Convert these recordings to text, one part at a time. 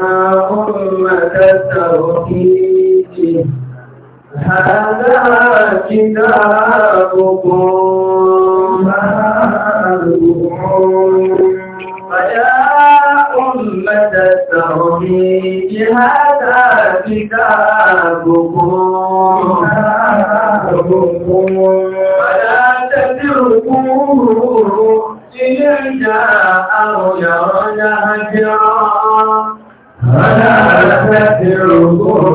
أمة التوحيد هذا كتابكم فيا أمة التوحيد هذا كتابكم فلا تتركوه إن جاء أو يرجع هجرا ولا تتركوا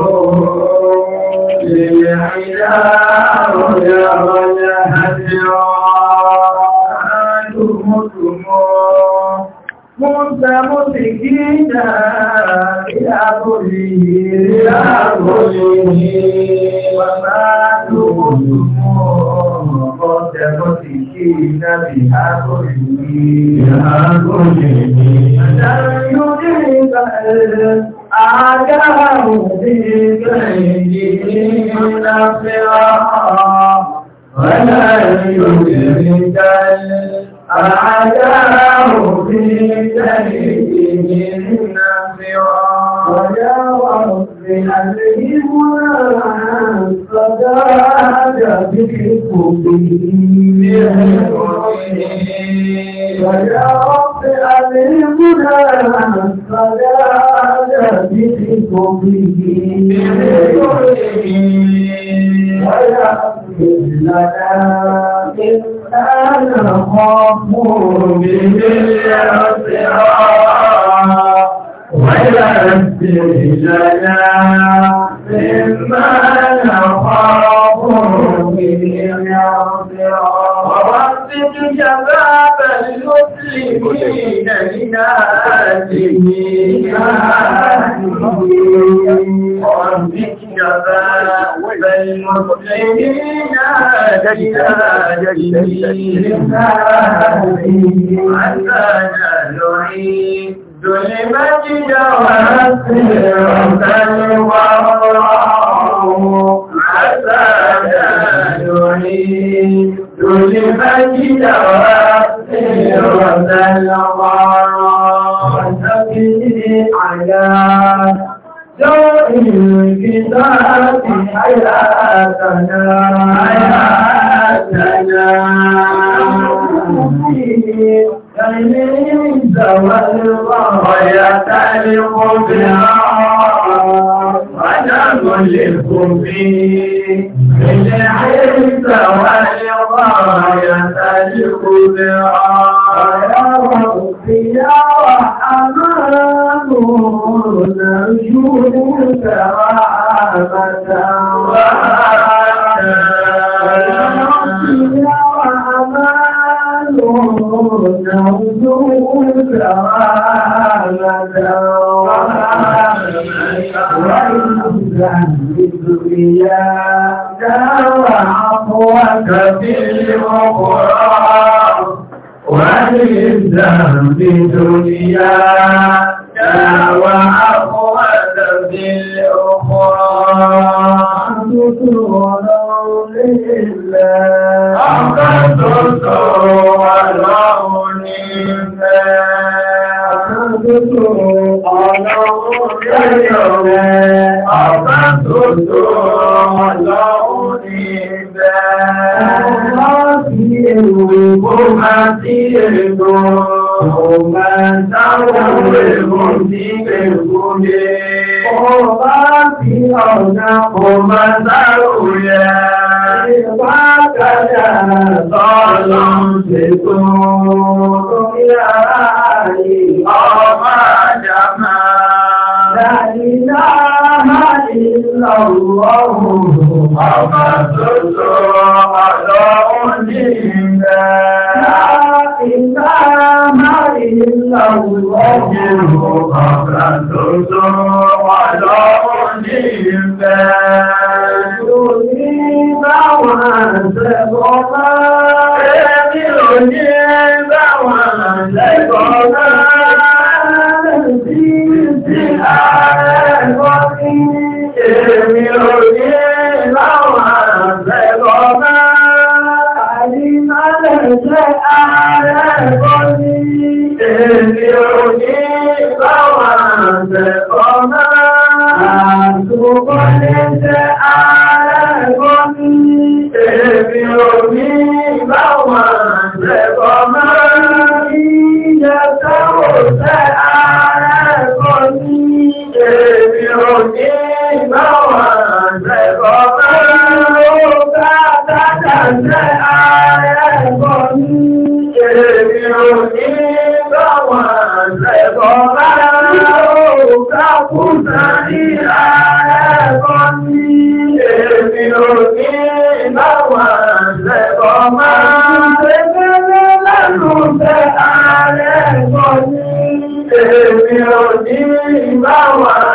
للعدار يرون مستمسكين بأبوله لأبوله وماتوا مستمسكين بأبوله لأبوله بل آتاه بكيه نصرا ولا يدرك آتاه بكيه نصرا ويا رب ألهمنا صداك بحبه ويا رب ألهمنا على نفسكم به ويغفر لنا إنا نخاف به الأسرى ويغفر لنا مما نخاف به الأسرى ورتب شباب اليوم ظلمت جواسر ربنا وعطاه حتى نعيد المسجد وأسيرة الغرام نبي على ضوء الكتاب حياتنا حياتنا فليس والغاية لقبها قدم للكفي بالعز والغاية الكبرى يا ربي يا رحمن نرجوك رحمة نرجوك رحمة ذنب إياك وعفوك في الأخرى ومن ذنب دنياك وعفوك في الأخرى أنت لله أنت تسر ولو نمت àtúntò ọlọ́run lẹ́yọ̀ rẹ̀ àbátòtò ọlọ́run ní ibẹ̀. Láti èrò kó máa sí èrò, kò máa dáwọ̀ èrò sí èrò yẹ. Ọba ti ọ̀nà kò máa dáwọ̀ yẹ. Ìbá kájà sọ́ọ̀lọ́ ṣètò. Orí ara yìí ọba jàmá. Láìlá máa ìlà ọ̀rọ̀ ọba tótó ọ̀dọ́ òní ìgbẹ́. Láìlá máa ìlà ọ̀rọ̀ ọba tótó ọ̀dọ́ òní ìgbẹ́. Lórí báwọn àṣẹ Lẹ́gbọ̀n náà. òní báwọn àṣẹ̀kọ̀ bá ó kákúta ní ààrẹ́kọ́ ní èmi òní báwọn àṣẹ̀kọ̀ bá ṣẹ́gbẹ́lẹ́ lẹ́lùfẹ́ ààrẹ́kọ́ ní èmi òní báwọn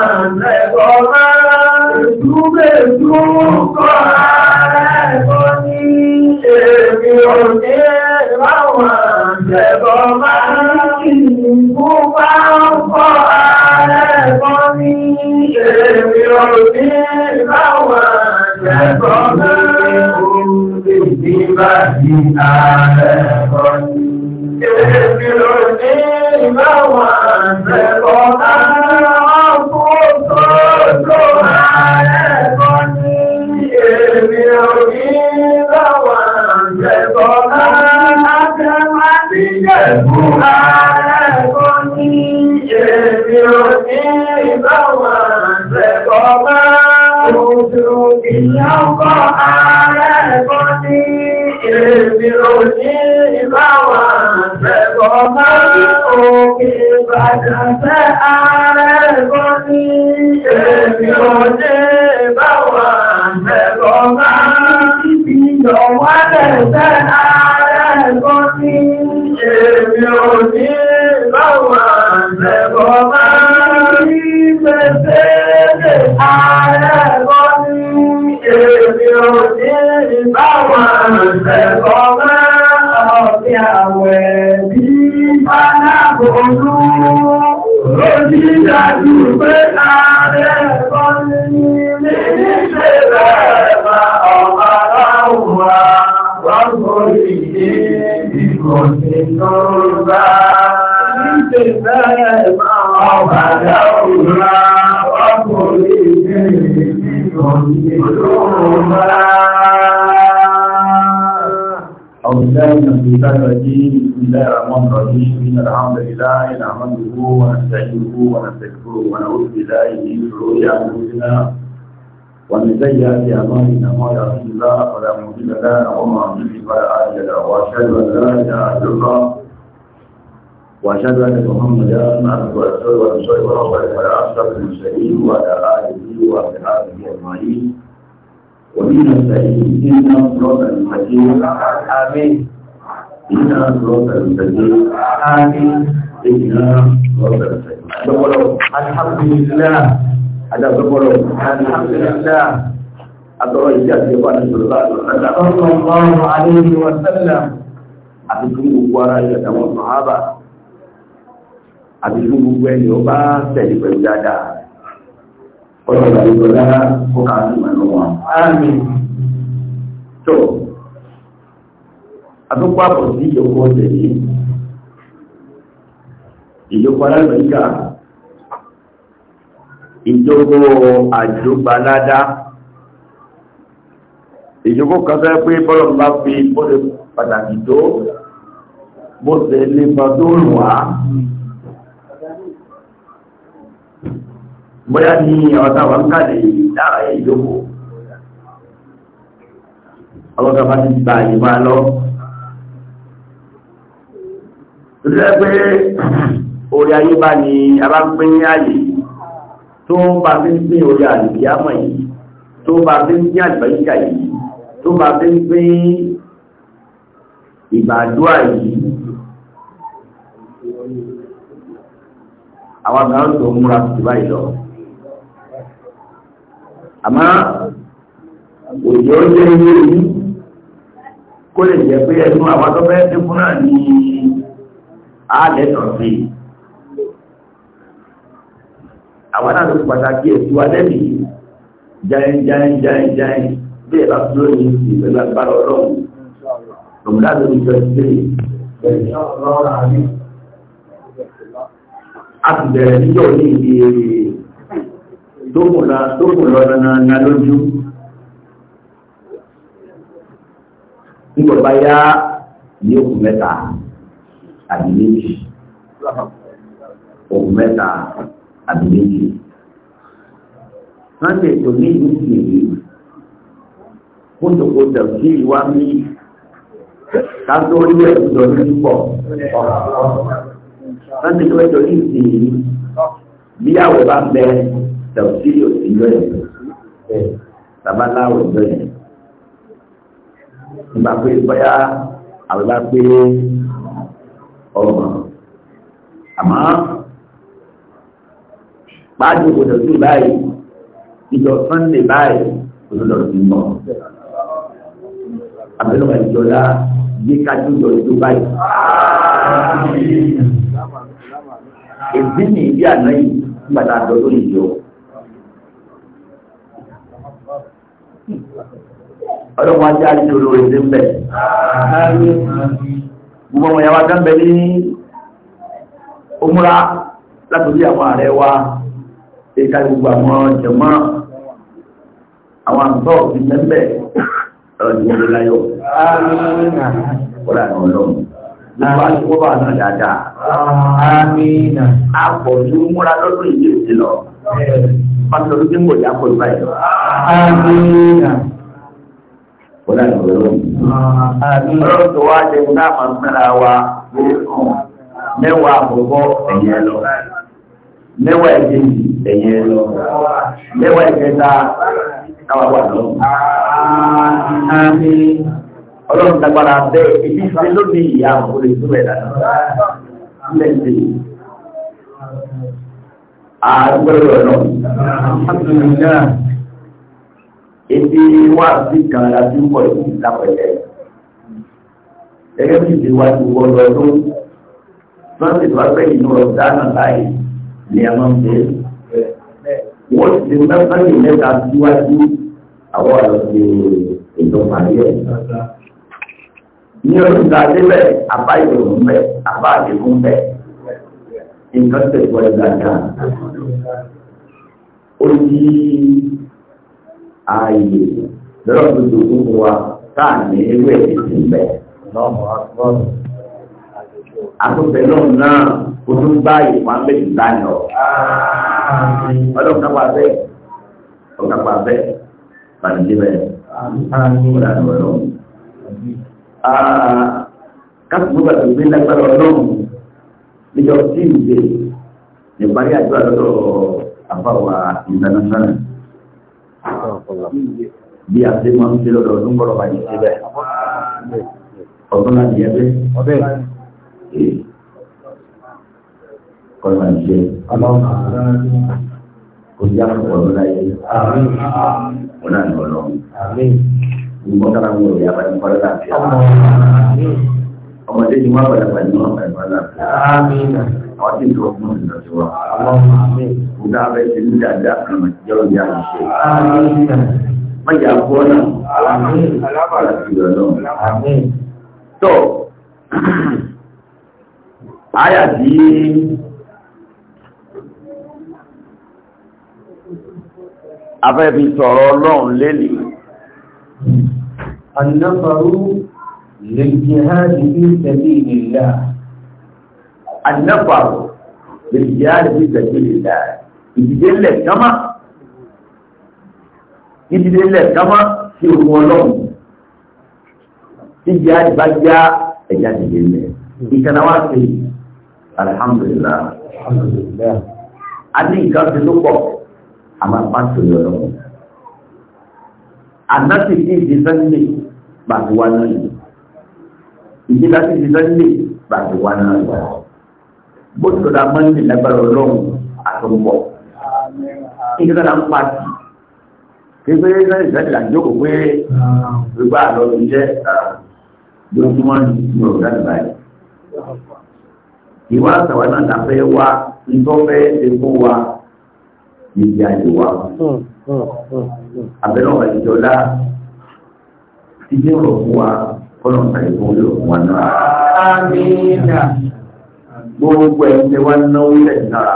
في أعمالنا ما يهده الله فلا مضل له وما يضلل فلا هادي له وأشهد أن لا إله إلا الله وأشهد أن محمدا عبده ورسوله ورسوله ورسوله على أشرف المرسلين وعلى آله وأصحابه أجمعين ومن السعيد إنا صراط المستقيم آمين إنا صراط المستقيم آمين إنا صراط المستقيم الحمد لله هذا الحمد لله àtọ́rọ̀ ìdí àti ẹ̀kọ́ àti ìṣòro sallallahu alaihi wa sallam àti fún gbogbo ara ìṣẹ̀tàwọn sàhábà àti fún gbogbo ẹni ọba tẹ̀lé pẹ̀lú dáadáa ọjọ́ ìgbàlódé ọlá kó ká sí ìmọ̀ lọ́wọ́ àmín tó àtúkọ́ àbọ̀ sí ìjọkọ́ ọ̀sẹ̀ yìí ìjọkọ́ alágbèéká ìjọkọ́ àjọgbáládá ìjókò kan sọ pé bọ́lọ̀ bá fi bóde pàtàkì tó bóde lè mọ tó rùn wá. bóyá ní ọ̀tá wọn kàlè dára ìjókò ọlọ́dọ̀ bá ti gba àyè máa lọ. Ìjọba pé orí ayé bá ní abápín àyè tó bá fi ń pín orí àlùkìyàmọ̀ yìí tó bá fi ń pín àlùbáyíkà yìí tó bá fi ń pín ìgbàdúrà yìí àwọn kan tó múra sí báyìí lọ àmọ́ òjò ó jẹ́ ilé yìí kó lè jẹ́ pé ẹnu àwọn tó fẹ́ dínkù náà ní àádẹ́tọ̀ sí àwọn náà ló pàtàkì ètò alẹ́ nìyí jain jain jain jain bí ẹ̀bá tó ní ìsìn pẹ̀lú agbára ọlọ́run rọ̀mùdá ló ní twenty three a ti bẹ̀rẹ̀ níjọ́ ní ìdí èrè tó kù lọ nana lójú nígbàgbá yá ní òkú mẹ́ta àbí méjì òkú mẹ́ta àbí méjì. Wọ́n ní ìlú ìlú kótòkó tẹ̀sí ìwá ní kátó orí ẹ̀ lọ ní púpọ̀ láti tó ẹjọ́ ní ìsìn bí àwọ̀ bá bẹ tẹ̀sí òsì lọ ẹ̀ bàbá láwọ̀ lọ ẹ̀ nígbà pé bóyá àwọn bá pé ọgbọ̀n àmọ́ pàdé kò tẹ̀sí báyìí ìjọ sunday báyìí kò lọ sí mọ́ abẹ́lọ́wà ìjọlá yé kájú yọ ìjọ báyìí. Èdè ní ìdí àná yìí nígbà tá a jọ lórí ìjọ. Ọlọ́run ajé àti olórí ti ń bẹ̀. Gbogbo ọmọ ìyàwó Adán bẹ ní Omúra látòrí àwọn ààrẹ wa èka gbogbo àwọn jẹ̀mọ́ àwọn àgbọ̀ ìgbẹ́mbẹ̀ ọdún ọdún láyọ̀. Kọ́lá náà lọ́wọ́. Nípa tí wọ́n bá náà dáadáa. Àpọ̀jù múra lọ́dún ìdí òsì lọ. Pásítọ̀ ló dé mọ̀ ìyá pọ̀ ìgbà ìlọ. Kọ́lá náà lọ́wọ́. Ọlọ́run tó wá jẹ ní àmà mẹ́ra wa mẹ́wàá àkọ́kọ́ ẹ̀yẹ lọ. Mẹ́wàá ẹ̀jẹ̀ yìí ẹ̀yẹ lọ. Mẹ́wàá ẹ̀jẹ̀ ta káwà wà lọ. Àmì ọlọ́run dágbára bẹ́ẹ̀ ibi ìfẹ́ ló ní ìyá àwọn olè tó rẹ̀ dànù. Lẹ́sẹ̀ àgbẹ̀rẹ̀ ọ̀nà. Alhamdulillah. Ebi wà sí kan láti ń bọ̀ ìlú lápẹ̀lẹ̀. Gẹ́gẹ́ bí ìdíwájú wọ́n lọ́dún, lọ́sẹ̀ tó wá pẹ́ ìnú ọ̀dá náà láì ní ẹ̀mọ́ ń bẹ̀rẹ̀ wọ́n ti mẹ́fẹ́lì mẹ́ta síwájú àwọn ọ̀sẹ̀ ìjọba yẹ. ní oṣù tàdébẹ̀ àbá ìrònú bẹ́ àbá àdéhùn bẹ́ nǹkan tẹ̀síwọ́ ìgbàgbà. ó yí ààyè lọ́rọ̀ tó dògún fún wa táà ní ewé ìsìn bẹ́ẹ̀. Àtúnbẹ̀ náà náà kò tún bá ìpamẹ́ ìdáná ọlọ́run náà wà bẹ́ẹ̀ ọ̀gá wà bẹ́ẹ̀ bàtìjì bẹ́ẹ̀ kó dà lọ lọ. káàkiri bàtà gbé lágbára ọlọ́run níjọ tí ì gbé níparí àdúrà lọ́dọ̀ àbáwá international bí a ti máa ń ṣe lọ́dọ̀ ọdún gbọ́dọ̀ bá yìí síbẹ̀ ọdún láti yẹ bẹ́ẹ̀ kọ́lá ìṣe kò sí àkọ́kọ́ láyé wọn náà lọ lọ. Ìgbọ́n kára wọ ìyá bá ní kọ́lá láàfin. Ọmọdé ni wọ́n bọ̀dọ̀ pẹ̀lú wọn pẹ̀lú wọn láàfin. Àwọn tí ìjọba fún ìlọ sí wọn. Ìgbà abẹ́ ti ní dáadáa kan mọ̀ jẹ́ ọjà ìṣe. Má jà bọ́ náà. Alábàlá ti lọ lọ. Tọ́, àyà afẹ́bí tọ̀rọ ọlọ́run lélì annafaru lè jihadi fi sabilillah annafaru lè jihadi fi sabilillah ìdílé kama ìdílé kama sí ohun ọlọ́run tí jihadi bá já ẹ̀yà ìdílé ìkànnàwà sí alhamdulillah alhamdulillah a ní nǹkan ti pọ̀ àmọ́ pàtó yọrọ àdáṣe tí ìdí sẹ́ńdé bàtí wà náà yìí ìdí láti ìdí sẹ́ńdé bàtí wà náà yìí bó ti sọ̀rọ̀ àmọ́ ní lágbára ọlọ́run àtọ́nbọ̀ ìdí sọ́dọ̀ ń pàtì kékeré sẹ́ńdé sẹ́ńdé làjókòó pé gbogbo àlọ́ iṣẹ́ lójúmọ́ ní ọ̀gá ìbáyìí ìwà àtàwọn náà láfẹ́ wá ń tọ́ fẹ́ epo wa níbi ayò wa. Hmm, hmm, hmm, Abẹ́rẹ́ ọ̀rọ̀ ìjọlá ti dé ọ̀rọ̀ fún wa kọ́nà ìpàdé fún olè òkun wa náà. Amínà. Gbogbo ẹ̀ ṣe wá náwó lẹ̀ náà.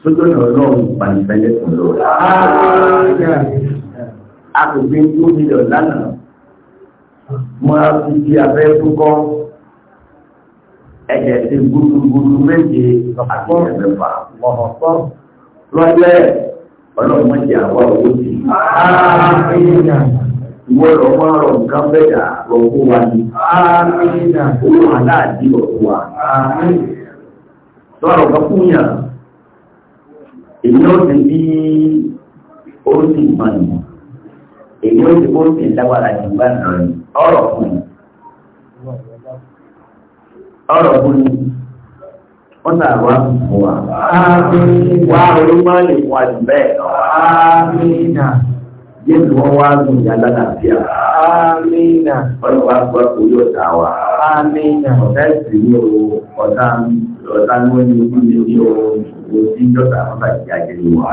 Sójú ọ̀nà ọlọ́run ìpànìfẹ́lẹ́ fún lọ. Amínà. Agbègbè tó nílò lánàá. Mo fi di abẹ́ tó Ẹ̀jẹ̀ ti gbúdúgbúdú méje àti ẹ̀mẹ́fà. Mọ̀hàn lọ́lẹ̀ ọlọ́run jẹ́ àwọn owó ti. Ìwọ lọ máa rọ nǹkan bẹ́ẹ̀dà lọ fún wa ni. Owó aláàdí lọ fún wa. Sọ̀rọ̀ kan fún yàn, èmi ó ti bí ó sì Èmi ó ti bó lágbára ní ìgbà náà ọ̀rọ̀ fún Ọ̀rọ̀ fún mi ọ̀nà àwọn àmúwà. Wà orí máa lè wà jù bẹ́ẹ̀ lọ. Jésù wọn wá gùn ìyá lálàáfíà. Ọ̀nà wa gbọ́ pé yóò dá wa. Ọ̀tá ìsìn ní o, ọ̀tá ọ̀tá ní wọ́n ní ojú ní ojú o, ojú ìjọba àwọn bá ìyá wa.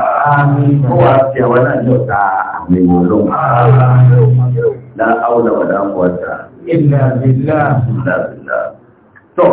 Wọ́n wá fi àwọn náà ní ọ̀tá àwọn èèyàn lọ́wọ́. Lá áwùlà wàdà ń wọ́ta. Ìlà bìlà. Ìlà bìlà. Tọ́.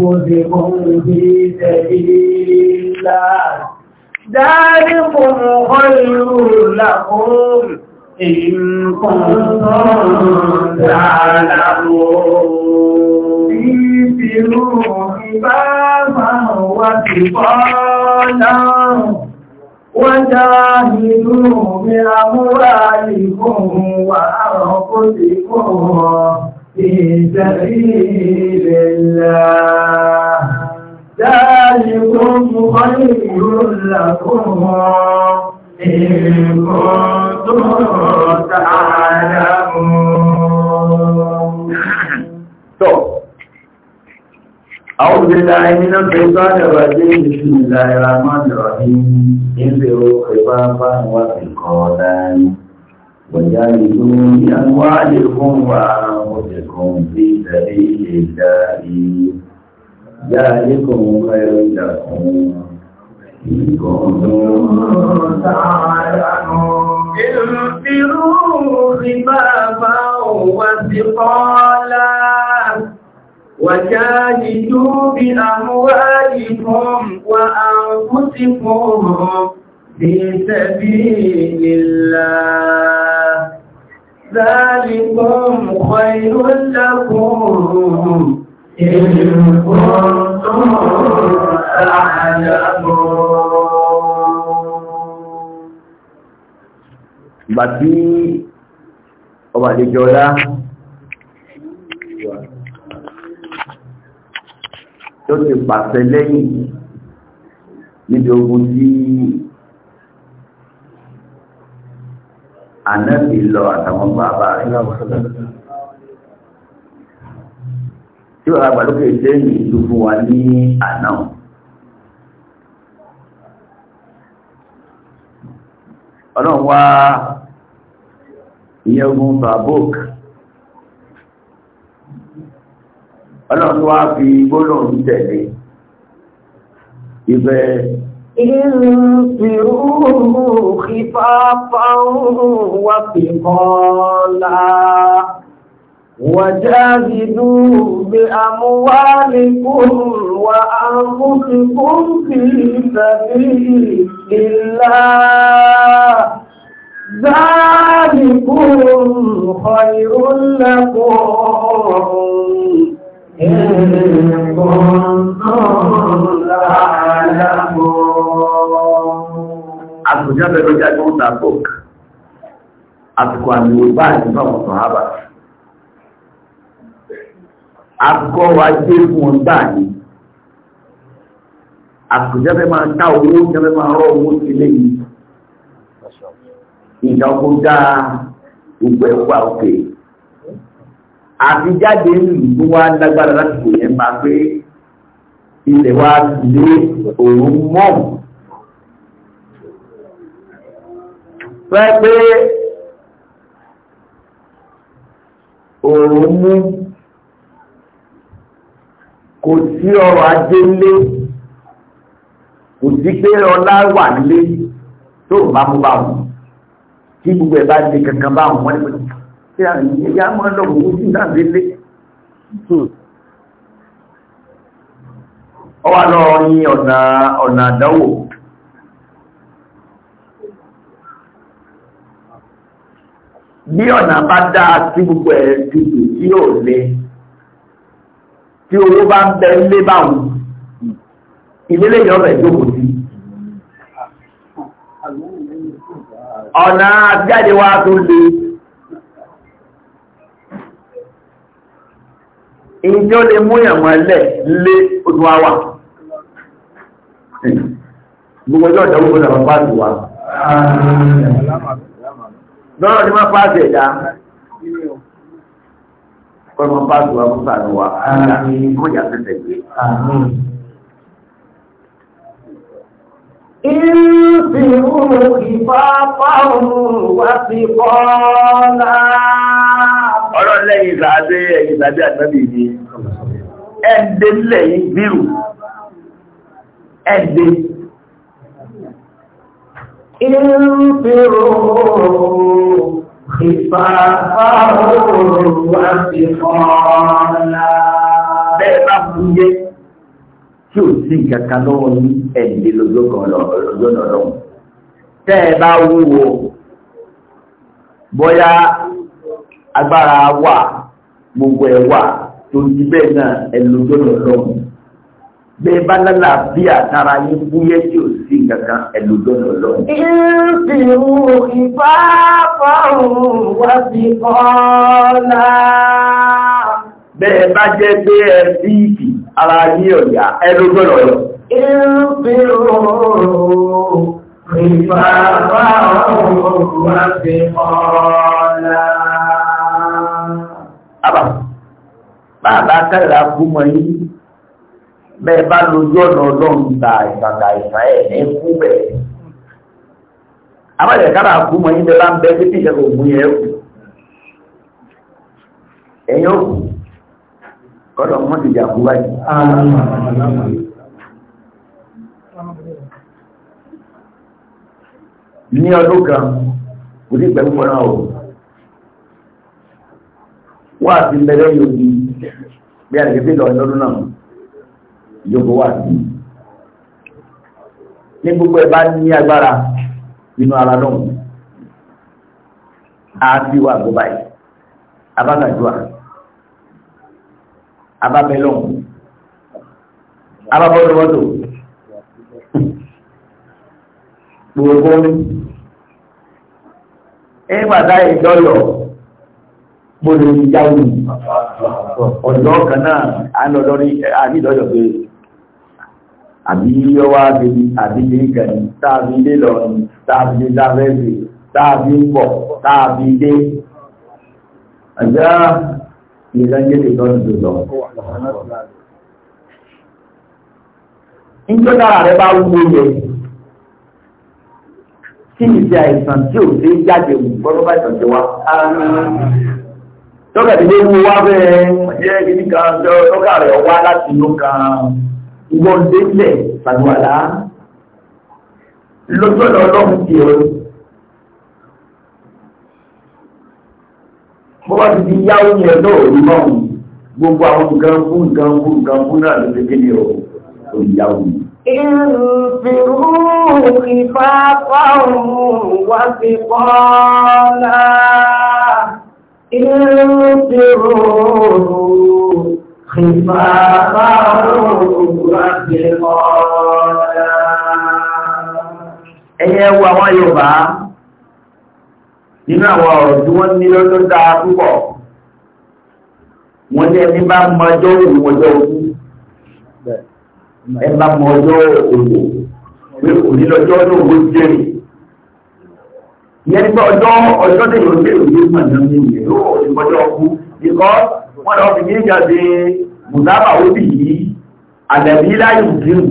أنفسكم في سبيل الله ذلكم خير لكم إن كنتم تعلمون انفروا خفافا وثقالا وجاهدوا بأموالكم وأنفسكم في سبيل الله ذلكم خير لكم إن كنتم تعلمون أعوذ بالله من الشيطان الرجيم بسم الله الرحمن الرحيم انفروا خفافا وفي القرآن وجاهدوا بأموالكم وأنفسكم أنفسكم في سبيل الله ذلكم خير لكم إن كنتم تعلمون انفروا خفافا وثقالا وجاهدوا بأموالكم وأنفسكم في سبيل الله ذلكم خير لكم إن كنتم تعلمون Ìgbà tí ọba àdéjọ ọlá tó ti pàṣẹ lẹ́yìn níbi ogun tí ànábì lọ àtàwọn bàbá rẹ̀. Tí bàbá àgbàlókè lẹ́yìn ìlú fún wa ní àná. Ọlọ́run wá ìyẹn ogun Babok. Ọlọ́run wá fi gbólóhùn tẹ̀lé. Ibẹ̀ انفروا خفافا وثقالا وجاهدوا بأموالكم وأنفسكم في سبيل الله ذلكم خير لكم Àtùjá bẹ̀rẹ̀ jẹ́ tó ń ta bọ́k, àtùkọ̀ àmìwò báyìí náà mọ̀ sọ̀hábà. Àkọ́ wa dé fún wọn báyìí. Àtùjá bẹ̀rẹ̀ máa ta owó, jẹ́ bẹ̀rẹ̀ máa rọ owó sí lé yìí. Ìjà àfijáde ìlú tó wá lágbára láti kò yẹn máa pé ilẹ̀ wa lé òun mọ́ fẹ́ pé òun mú kò sí ọrọ̀ ajé lé kò sí pé ọlá wà lé tó bá mú bá wọn tí gbogbo ẹ̀ bá di kankan bá wọn wọ́n ní pẹ̀lú tí a ìyá máa lọ òun sí láti lé ọ wá lọ yin ọ̀nà ọ̀nà àdánwò bí ọ̀nà bá dáa sí gbogbo ẹ̀ tutù tí ò lé tí owó bá ń bẹ lé báwọn ìlélẹ̀ yọ ọ̀rẹ́ jókòó sí ọ̀nà àbíjáde wa tó le ìjọ lè mú ìyàmọ̀ ẹlẹ́ lé oṣù àwà gbogbo ọjọ́ ìjọ gbogbo ìjọba pàtì wà lọ́rọ̀ ní má pàtì ẹ̀dá ọmọ pàtì wà fún sàánú wà mọ́jà tẹ́tẹ̀ gbé ọlọ́lẹ́yìn ìsàdé ẹ̀yìn ìsàdé àtàbí ìdí ẹ̀dẹ́ lẹ́yìn bírù ẹ̀dẹ́ ìrúfẹ́rọ̀ ìfàfàrọ̀ wà sí fọ́nà bẹ́ẹ̀ bá fúnjẹ tí ò sí ìkàkà lọ́wọ́ ní ẹ̀dẹ́ lọ́jọ́ lọ́rùn tẹ́ ẹ bá wúwo bóyá agbára wà gbogbo ẹ̀ wà tó ti bẹ́ẹ̀ náà ẹ̀lú tó lọ bẹ́ẹ̀ bá lálà bí àtàrà yín fúyẹ́ tí ò sí kankan ẹ̀lú tó lọ lọ́wọ́. ìfìwò ìfáfáhùn sí kọ́lá. bẹ́ẹ̀ bá jẹ́ pé ẹ sí ìkì ara yín ọ̀yà ẹ̀lú tó lọ lọ. ìfìwò ìfáfáhùn sí kọ́lá àbà bàbá kẹ́lá kú mọ́ yín bẹ́ẹ̀ bá lójú ọ̀nà ọlọ́run gba ìgbàgbà ìfà ẹ̀ ní kú bẹ́ẹ̀ abájẹ̀ kára kú mọ́ yín bẹ́ẹ̀ bá ń bẹ́ títí ìṣẹ́gun ògùn yẹn kù ẹ̀yìn òkú kọ́dọ̀ mọ́ ti jà kú báyìí. ní ọdún kan kò ní ìgbẹ́ púpọ̀ náà o wà sí mẹ́rẹ́ yóò di bí àdìgẹ́ sí ìlọrin lọ́dún náà ìjókòó wà sí ní gbogbo ẹ̀ bá ní agbára inú ara lọ́hùn á sí wà gbọ́ báyìí abágàdúà abábẹ́lọ́hùn abábọ́dọ́wọ́dọ́ gbogbo ẹgbàdá ìjọyọ̀ mo lè fi já òun ọ̀dọ́ kan náà a ń lọ́dọ́ ní àdídọ́jọ́ pé àbí yọ́wá àbí àbí kìíkẹ̀ ní táàbí ilé lọ́rùn táàbí ilé lábẹ́ẹ̀sì táàbí ń bọ̀ táàbí ilé àjá ìrẹ́gẹ́lẹ̀ lọ́rùn tó lọ. Ìjọ́ àìsàn tí ò sí jáde òun gbọ́dọ̀ bá ìtọ́jú tọ́kà tí ó wú wá bẹ́ẹ̀ jẹ́ ibi kan tọ́kà rẹ̀ wá láti inú kan ìgbọ́n délẹ̀ pàdùwàlá lójú ọ̀nà ọlọ́run ti ọ̀rọ̀ bó bá ti di yáwó yẹn náà òru náà gbogbo àwọn nǹkan náà ló ṣe kéde ọ̀ òyàwó yìí. Ìrùfìrú wá sí kọ́ọ́lá. انفروا خفافا وثقالا ẹ̀yẹ wo àwọn Yorùbá nínú àwọn ọ̀rọ̀ tí wọ́n ní lọ́dọ́ dáa púpọ̀ wọ́n ní ẹni bá mọjọ́ òwò ọjọ́ òkú ẹ bá mọjọ́ òwò pé òní lọ́jọ́ òwò jẹ́rìí yẹn gbọ́ ọjọ́ ọjọ́ tí yóò ṣe òye ìpàdé ní ìyẹ̀ yóò ṣe gbọ́jọ́ ọkú ikọ́ wọ́n lọ fi yíjà ṣe mùsáàbà ó bì yí àdàbí láyé ìdíhù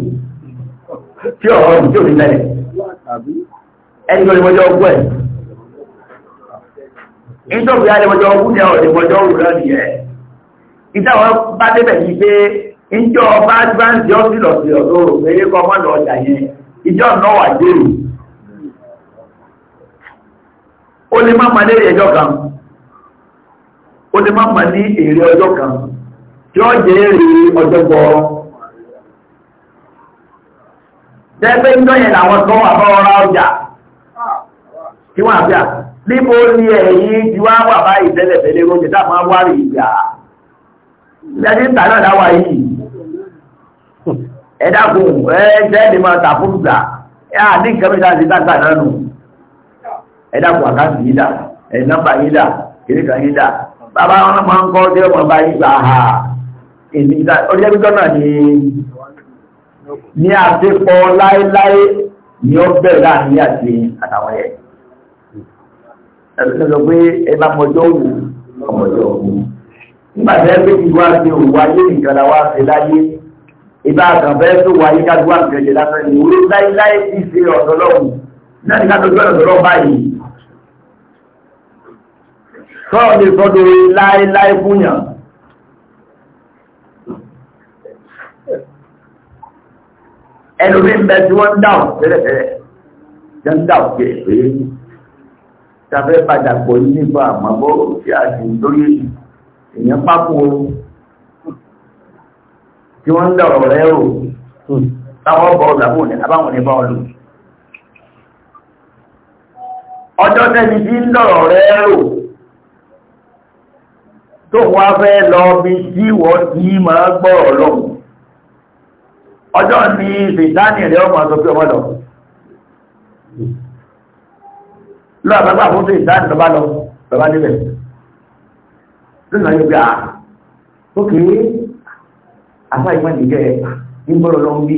tí ọ̀rọ̀ ìdí òní lẹ́lẹ̀ ẹni tó lè gbọ́jọ́ ọkú ẹ̀ nítorí alẹ́ gbọ́jọ́ ọkú ni ọ̀rọ̀ ìgbọ́jọ́ òru náà nìyẹn ìdáwọ́ bá débẹ̀ yìí pé ìjọ bá bá ń jẹ́ ọ́sìn lọ́sìn ọ̀dọ́ òru pé kọ́ mọ́ lọ ọjà yẹn ìjọ náà wà dérò ó lè má ma ní èrè ọjọ́ kan ó lè má ma ní èrè ọjọ́ kan tí ó jẹ́ èrè ọjọ́ gbọ́ọ̀rọ̀ tẹ́gbẹ́ ń dọ́yẹ̀ làwọn tó wà bọ́ ọ̀rá ọjà kí wọ́n àbíà níbo ni ẹ̀yìn ti wá wà báyìí tẹ́lẹ̀tẹ́lẹ̀ oúnjẹ tá máa wá rí ìgbà lẹ́ni ìta náà dáwà yìí máa tà fún ìgbà ẹ̀ ẹ̀dàpọ̀ àkáǹtì yídà ẹ̀nàmbà yídà kìrìkà yídà bàbá wọn máa ń kọ́ tí ó mọ̀ bá yígbà ha ìdíjà orílẹ̀-èdè náà ni ní àtẹ́pọ̀ láéláé ni ó bẹ̀rẹ̀ láàrin àti àtàwọn ẹ̀ ẹ̀lọ́sọ pé ẹ bá mọjọ́ òwú ọmọjọ́ òwú nígbàtẹ́ pé kí wá sí òwú ayé ìkànnà wá sí láyé ìbá àkànfẹ́ tó wáyé kájú wá sí ẹ̀jẹ̀ lásán ìwúrí láéláé ti ṣe ọ̀dọ́lọ́wù náà ní ká tó gbọ́dọ̀ lọ́ báyìí sọ́ọ̀ lè sọ́dọ̀ láéláé fúnyàn ẹlòmí ń bẹ tí wọ́n ń dáhùn tẹ́lẹ̀tẹ́lẹ̀ jẹ́ ń dáhùn kí èpè tàbẹ́ padà pọ̀ nípa àmọ́bọ́ tí a sì ń lórí èèyàn pápó tí wọ́n ń dọ̀rọ̀ rẹ̀ o táwọn bọ̀ làwọn ní abáwọn ní bọ́ọ̀lù ọjọ́ tẹ́ni tí ń dọ̀rọ̀ rẹ̀ o tó wá fẹ́ lọ bí tí wọ́n tí máa gbọ́rọ̀ lọ́wọ́ ọjọ́ ni ìsìnkáni rẹ̀ ọmọ sọ pé ọmọ lọ lọ́wọ́ bàbá fún sí ìsìnkáni bàbá lọ bàbá níbẹ̀ lónà yóò gbà ókè afá ìmọ̀ nìjẹ́ ní gbọ́rọ̀ lọ́wọ́ bí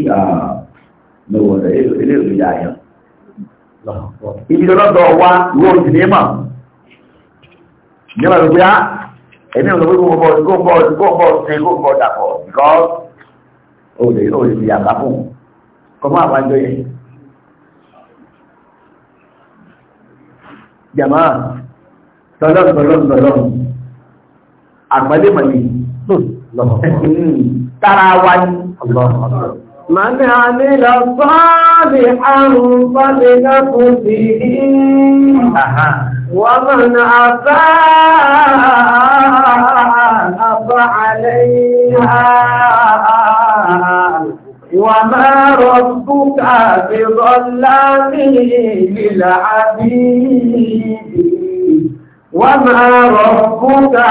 lọ́wọ́ ilé ìrìnà àyàn ibi lọ́dọ̀ wa lóòtù ní mà nígbà tó gbé èmi ò lọ wípé gbogbo ọdún gbogbo ọdún gbogbo ọdún gbogbo ọdún àpọ̀ because o lè o lè fi àbá fún kọ́ máa wájọ yẹn. jàmá tọ́lọ́n tọ́lọ́n tọ́lọ́n àgbálé mọ̀lẹ́ tara wa ni. Màmí àmì lọ sọ́ọ̀bì àrùn fọ́lẹ́ náà kò sí. ومن أفاء فعليها وما ربك بظلام للعبيد وما ربك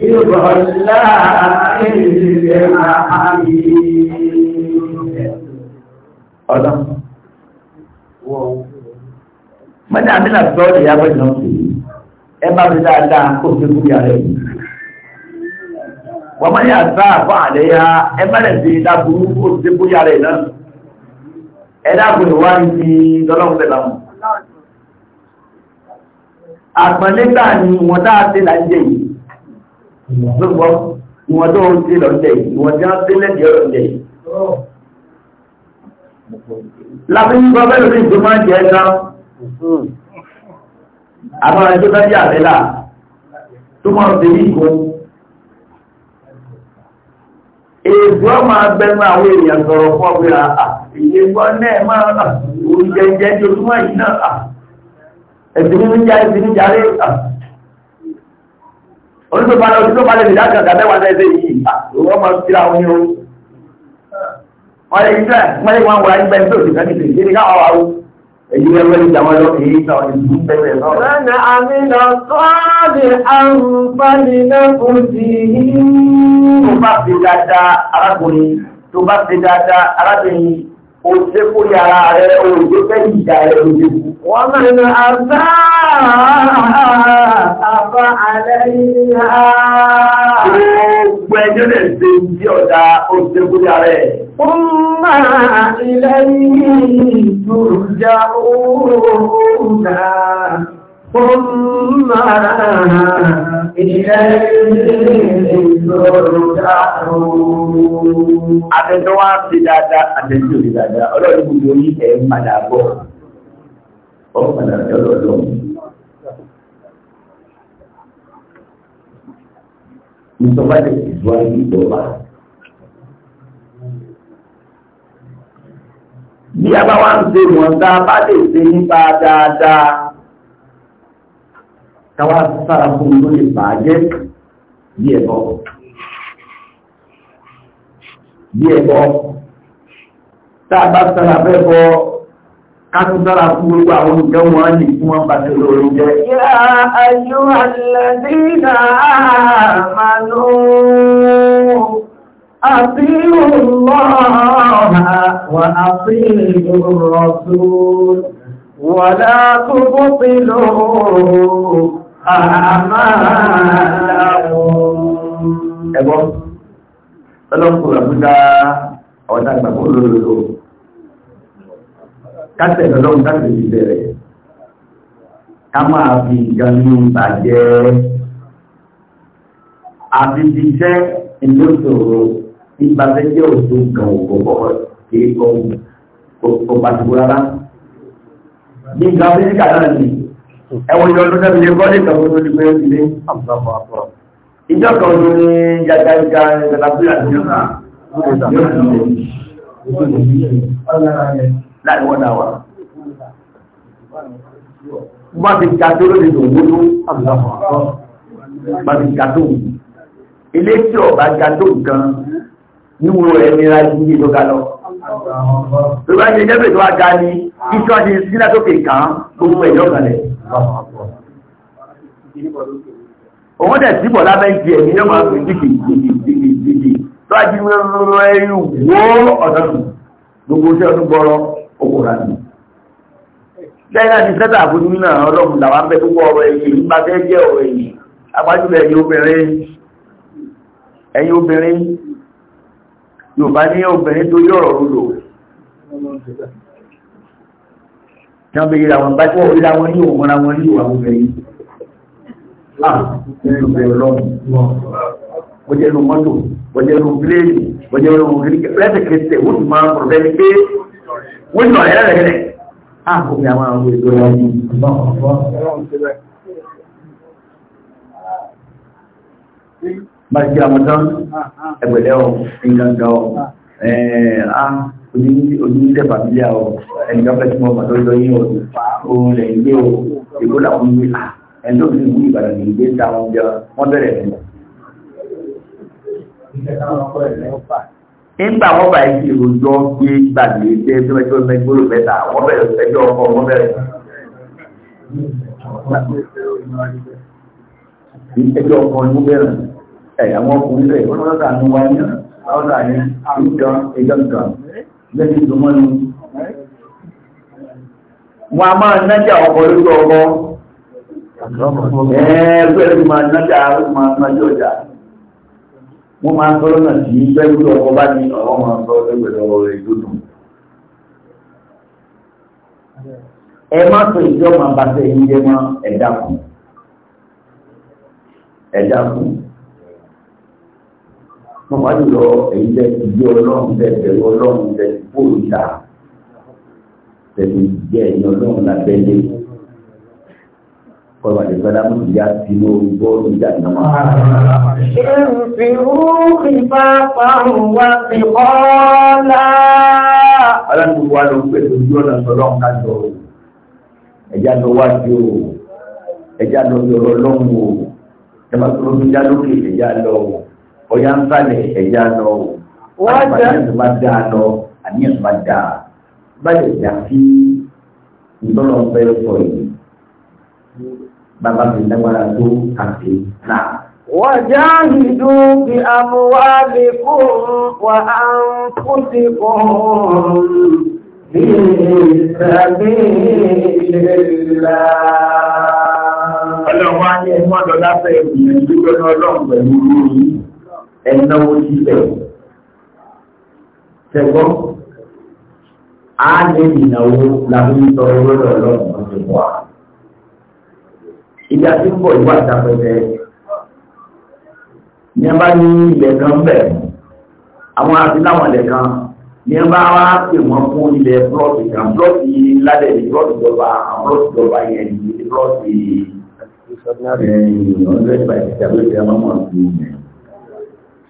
بظلام للعبيد mọ́tà àmìlà sọ́ọ́ lè yá bọ́ọ̀lù náà sí ẹ bá mi dáadáa kó o fi kú yàrá ẹ̀. wọ́n máa ń yà sá àfọ́ àlẹ́ yá ẹ má lẹ̀ sí dábùú kó o fi kú yàrá ẹ̀ náà. ẹ dábùú ìwà ń fi dọ́lọ́mù bẹ̀rẹ̀ wọn. àpọ̀lẹ́gbà ni wọ́n dá a ṣe là ń jẹ yìí. lọ́gbọ́ ìwọ̀n tó ń ṣe lọ jẹ yìí ìwọ̀n tí wọ́n ṣe lẹ́dìí ọ̀rọ̀ jẹ yìí. lábẹ́ àwọn ẹjọ́ bá jẹ́ àbẹ́là tó máa ń tẹ̀lé ìkó èdè ọmọ agbẹ́mọ àwọn èèyàn sọ̀rọ̀ fún ọgbẹ́ ìyẹ́gbọ́n náà máa oúnjẹ jẹ́ ní ojúmọ́ yìí náà ẹ̀sìn nínú jáde sí ní jáde onígbòbalẹ̀ onígbòbalẹ̀ lè dákà gàdẹ́wà lẹ́sẹ̀ yìí àwọn ọmọ síra wọn ni ó wọ́n lè gbẹ́ wọ́n lè wọ́n wọ́n wọ́n gbẹ́ ní òṣìṣẹ́ nìkan ní káwọn àwọn èyí ẹgbẹ́ ní ìjàmọ́ lọ èyí ìtàwọn ìlú pẹ̀lẹ̀ náà. Lọ́nà àmì lọ sọ́ọ̀dì àrùn pálí náà kò sí tó bá fi dáadáa arábìnrin, òṣè kó ní ara rẹ̀ òṣè fẹ́ ìjà rẹ̀ òṣè. Wọ́n máa ń àbá àbá alẹ́ yíyá. Gbogbo ẹjọ́ lè ṣe ìdí ọ̀dà òṣè kó ní ara rẹ̀. Ó máa ilẹ̀ yìí tó jà ó dà. ثم Àtẹ̀tọ́ wá sí dáadáa, àtẹ̀tọ́ sí dáadáa, ọlọ́rin gbogbo ní ẹ̀ padà bọ̀. Ọ padà jọ lọ́dọ̀. Ìjọba lè ṣùgbọ́n ìjọba. Bí a bá wá ń ṣe wọ̀n dáa, bá lè ṣe nípa dáadáa káwá sára fún tó lè bàájẹ́ bí ẹ̀bọ bí ẹ̀bọ tá bá sára fẹ́ bọ kátó sára fún gbogbo àwọn olùkẹ́ wọn ní kí wọ́n bá tẹ́lẹ̀ orí jẹ́. yá Ẹgbọ́n, ọlọ́pùn àbúdá ọ̀dá ìgbàgbọ́ lóòrò. Kásẹ̀ lọ́lọ́run dáàbì ti bẹ̀rẹ̀. Ká máa fi ìgbàmí bàjẹ́. Àbí ti jẹ́ ìlú ìṣòro ìgbàfẹ́ jẹ́ òṣù gan òkòkò kìí kọ́ òkòkò pàtàkì ẹwọ́n ìjọ tó tẹ́bi yẹn gọ́lé kan tó ti gbé ilé àbúrò àbúrò ìjọ kan tó ní yàgá ìjà ìgbàlábíyà ní ọ̀nà láì wọ́n dáwà bá ti ga tó lóde tó wúlú àbúrò àbúrò bá ti ga tó ilé tí ọba ga tó gan níwúrò ẹ̀mí ra ìdíje tó tó bá ń ṣe jẹ́bẹ̀ tó wá ga ní Iṣọ́ ni sílá tó fi kàn án gbogbo ẹ̀yọ́ kalẹ̀. Òun dẹ̀ síbọ̀ lábẹ́ ìdí ẹ̀mí yóò máa fi dìkì dìkì dìkì tó á jí rọrọ ẹyù wó ọ̀dọ́ nù gbogbo iṣẹ́ ọdún gbọ́rọ̀ owó rà nù. Lẹ́yìn àti sẹ́tà àbójú náà ọlọ́run làwọn abẹ́ tó wọ ọ̀rọ̀ ẹ̀yìn nígbà fẹ́ jẹ́ ọ̀rọ̀ ẹ̀yìn apájúlẹ̀ ẹ̀yìn obìnrin ẹ̀yìn obìnrin Yorùbá ní obìnrin tó yọ̀rọ̀ tí wọ́n bẹ yíra wọn bá tí wọ́n yíra wọn ní òun ra wọn ní ìwà wọn bẹ̀rẹ̀ yìí. a nínú bẹ̀rẹ̀ lọ́wọ́ wọ́n jẹ́ inú mọ́tò wọ́n jẹ́ inú bíléèdì wọ́n jẹ́ inú gírígì lẹ́sẹ̀kẹsẹ̀ wọ́n ti máa ń pọ̀rọ̀ bẹ́ẹ̀ ni pé wọ́n ti máa yára rẹ̀ rẹ̀ a kò fi àwọn àwọn ètò ìlànà yìí. Báyìí kí a tán, ẹgbẹ̀lẹ́ ọ̀, ìgbàgbọ́, onídẹ̀ bàbílíà ọ̀ ẹ̀yọ́fẹ́ tí wọ́n bàtọ́ lọ yíò fa ohun rẹ̀ ilé o èkó làwọn gbé à ẹni tó fi ń gbé ìbàdàn ní ìgbé ta wọn jẹ wọn bẹ̀rẹ̀ ẹ̀ nígbà wọn bá yìí ìròjọ gbé gbàgbé jẹ tó ẹjọ́ mẹgbóró mẹ́ta wọn bẹ̀rẹ̀ ẹjọ́ ọkọ wọn bẹ̀rẹ̀ ẹjọ́ ọkọ ni wọn bẹ̀rẹ̀ ẹ wọn lọ ní lẹ́sí tó mọ́ ni wọ́n a máa nájà ọkọ̀ lójú ọkọ̀ ẹ̀ẹ́gbẹ̀rẹ̀ ti máa nájà máa nájà ọjà wọ́n máa sọ lọ́nà tí gbẹ́rú ọkọ̀ bá ní ọ̀rọ̀ máa sọ ẹgbẹ̀rẹ̀ ọ̀rọ̀ rẹ̀ tó dùn ẹ má sọ ìjọ máa bá tẹ yín jẹ mọ́ ẹ̀dá kù ẹ̀dá kù wọ́n wá jùlọ èyí jẹ́ ìgbé ọlọ́run jẹ́ ìbẹ̀rù ọlọ́run jẹ́ kúrò ta pẹ̀lú ìjẹ́ ẹ̀yìn ọlọ́run lábẹ́lé kọ́ba lè fẹ́lá mú ìyá sínú orúkọ ìjà náà. ṣé ń fi rúkì bá parun wá sí ọ́lá. aláǹdó wa ló ń pè lójú ọ̀nà ọlọ́run lájọ o ẹ̀já lọ wájú o ẹ̀já lọ yọrọ lọ́hùn o ẹ máa tó lójú já lókè ẹ̀já o ọ̀yá ń sálẹ̀ ẹ̀já lọ o. wọ́n àwọn ìgbà máa dáa lọ àníyàn bá dáa bá lè dá sí ìtọ́lọ̀ fẹ́ sọ yìí bàbá mi lágbára tó àti náà. وجاهدوا بأموالكم وأنفسكم في سبيل الله ọlọ́run á ní ẹ̀mọ́ ọ̀dọ́lá fẹ́ ìgbìyànjú lọ́nà ọlọ́run pẹ̀lú orí ẹ̀náwó síbẹ̀. Ṣẹ̀gbọ́n, a lè ìnáwó làbí sọ̀rọ̀ lọ́dọ̀ ọlọ́run ti bọ̀ á. Ìyá tí ń bọ̀ ìwà ìdàpẹ̀tẹ̀ ní a bá ní ilẹ̀ kan bẹ̀ àwọn abiláwọn ilẹ̀ kan ní a bá wá pè wọ́n fún ilẹ̀ plọ́ọ̀tì kan plọ́ọ̀tì ládẹ̀ ní plọ́ọ̀tì jọba àwọn plọ́ọ̀tì jọba yẹn ní plọ́ọ̀tì ẹ̀yìn ọ̀dọ́ ìgbà ìjàgbé ìjàgbé ọmọ ọ̀sìn yẹn.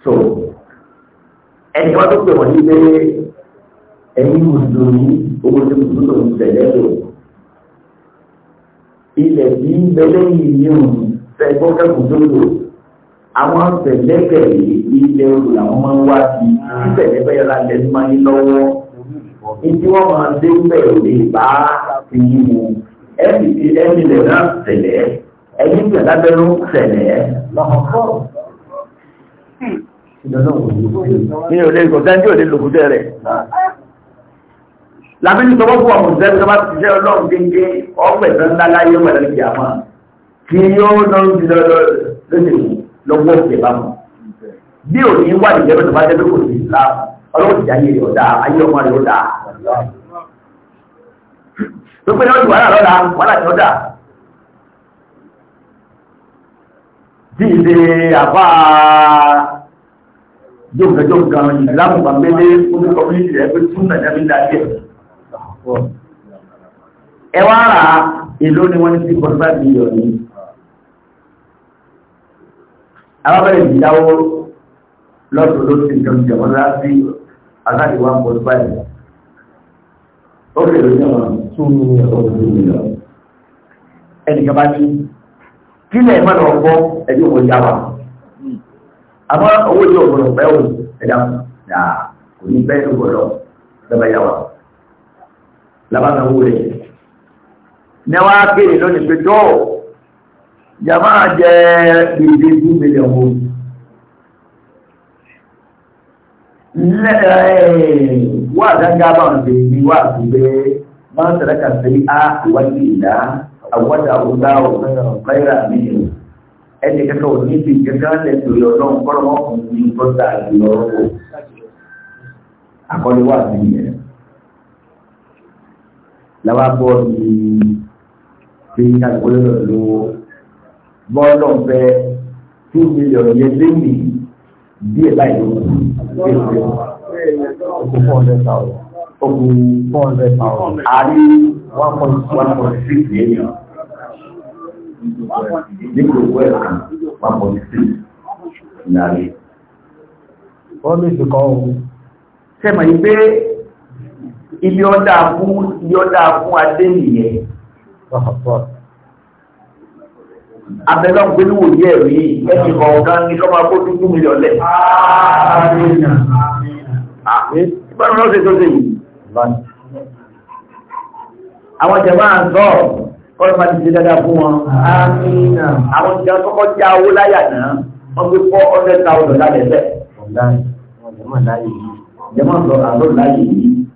So ẹni wọ́n tó pè wọ́n ní pé ẹ̀yin mùsùlùmí owó tó kù tó ń tẹ̀lé lò ilẹ̀ tí ń bẹ lẹ́yìn yíyún fẹ́gbọ́ kẹ́kùn tó lò àwọn tẹ̀lẹ́kẹ̀lé ilẹ̀ olù làwọn máa ń wá sí i tẹ̀lé bẹ́yà la lẹ́nu máa ń lọ́wọ́ ìdí wọ́n máa dé bẹ́ẹ̀ lè bá ti yí mu ẹ̀mí ti ẹ̀mí lè rán tẹ̀lé ẹ̀yìn tẹ̀lé abẹ́rún tẹ̀lé lọ́kọ̀ọ́ mi ò lè gbọ́dá ní òde lòkùtẹ́ rẹ̀ lábẹ́ ní tọwọ́ fún ọmọdé tó bá ti jẹ́ ọlọ́run gẹ́gẹ́ ọgbẹ̀tàn ńlá láyé pẹ̀lú ìyàmọ́ kí yóò lọ́n ti lọ́sẹ̀ lọ́wọ́ ìṣẹ̀ bá mọ̀ bí ò ní wà ní ìjẹ́bẹ̀ tó bá jẹ́ pé kò sí ìlà ọlọ́run ti ayé rẹ̀ ọ̀dà ayé ọmọ rẹ̀ ọ̀dà tó pé lọ́dún wàhálà lọ́la wàhálà tí ọ̀dà tí ìdè àbá jókòó ìlànà pàmílẹ́ fún ọmọ ẹ wá rà á èló ni wọ́n ní sí forty five million ní. àwọn abẹ́rẹ́ ìdáwó lọ́sọ̀ọ́ ló ti jẹun jẹun lọ́dá sí àtàkì one forty five. ó lè lóyún ọ̀rọ̀ two million or three million. ẹnìkan bá ní kí lè má lọ gbọ́ ẹ̀dí òwò ìyá wa àmọ́ owó yóò gbọ́dọ̀ òun ẹ̀dá kò ní bẹ́ẹ̀ ló gbọ́dọ̀ lọ́bàá yá wa làbásanwó rẹ̀ ní wá kéèrè lónìí pé tó jàmá jẹ́ gbèdé two million o wà dáńgá bá ń bè ní wà sí pé máa ń tẹ̀lé kàṣẹ́ á ìwádìí ìlà àwọn àwòdà ọ̀gbẹ́rẹ̀ ọ̀gbẹ́rẹ̀ mi ẹni kẹkẹ ò ní bí kẹkẹ lẹ torí ọlọ́run kọ́lọ́mọ́kùnrin tó dáa jùlọ rọ́pò àkọlé wà nìyẹn làwọn abọ́ ní pé kálukọ́lọ́ lọ́wọ́ bọ́ọ̀lù ọ̀fẹ́ tó mílíọ̀nù yẹn lẹ́yìn díẹ̀ báyìí ló kù okun four hundred thousand okun four hundred thousand àrí one point one point six million dípò wẹ́ẹ̀sì one point six nàrí. wọ́n lè dùn kọ́ ọ́. sẹ́mi pé ibi ọdá fún ibi ọdá fún adé nìyẹn abẹ́lọ́ gbéníwò yẹ́ rí ẹ̀kì kọ̀ọ̀kan ní kọ́ máa kó dúdú mílíọ̀n lẹ̀ bọ́nà lọ́sẹ̀ tó ṣe yìí àwọn jẹ̀mọ́ à ń sọ kọ́lù máa ti ṣe dáadáa fún wọn àwọn jẹ́ kọ́kọ́ já owó láyà náà wọ́n gbé fọ́ ọ̀rẹ́ ta ọ̀dọ̀ lálẹ́ bẹ́ẹ̀ jẹ̀mọ́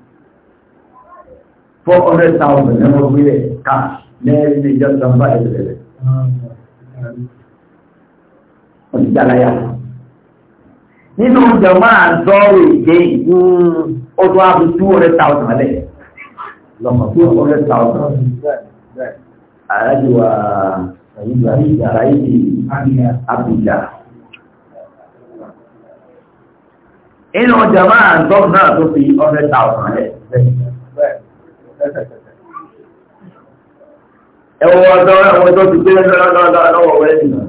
four hundred thousand ẹ̀rọ gbélé cash lẹ́yìn ní ìjọ sanba ẹ̀rẹ̀ ọ̀dìjàláyà nínú jọmọ́ àzọ́rò ìdè ó tún á fi two hundred thousand lẹ̀ lọ́kọ̀ two hundred thousand alájùwà àyíjì àbíjà inú jọmọ́ àzọ́rò náà tó fi hundred thousand lẹ̀ ẹwọ ọjọ́ àwọn ọjọ́ ti gbé lọ́lọ́lọ́ lọ́wọ́ wẹ́ẹ̀dì náà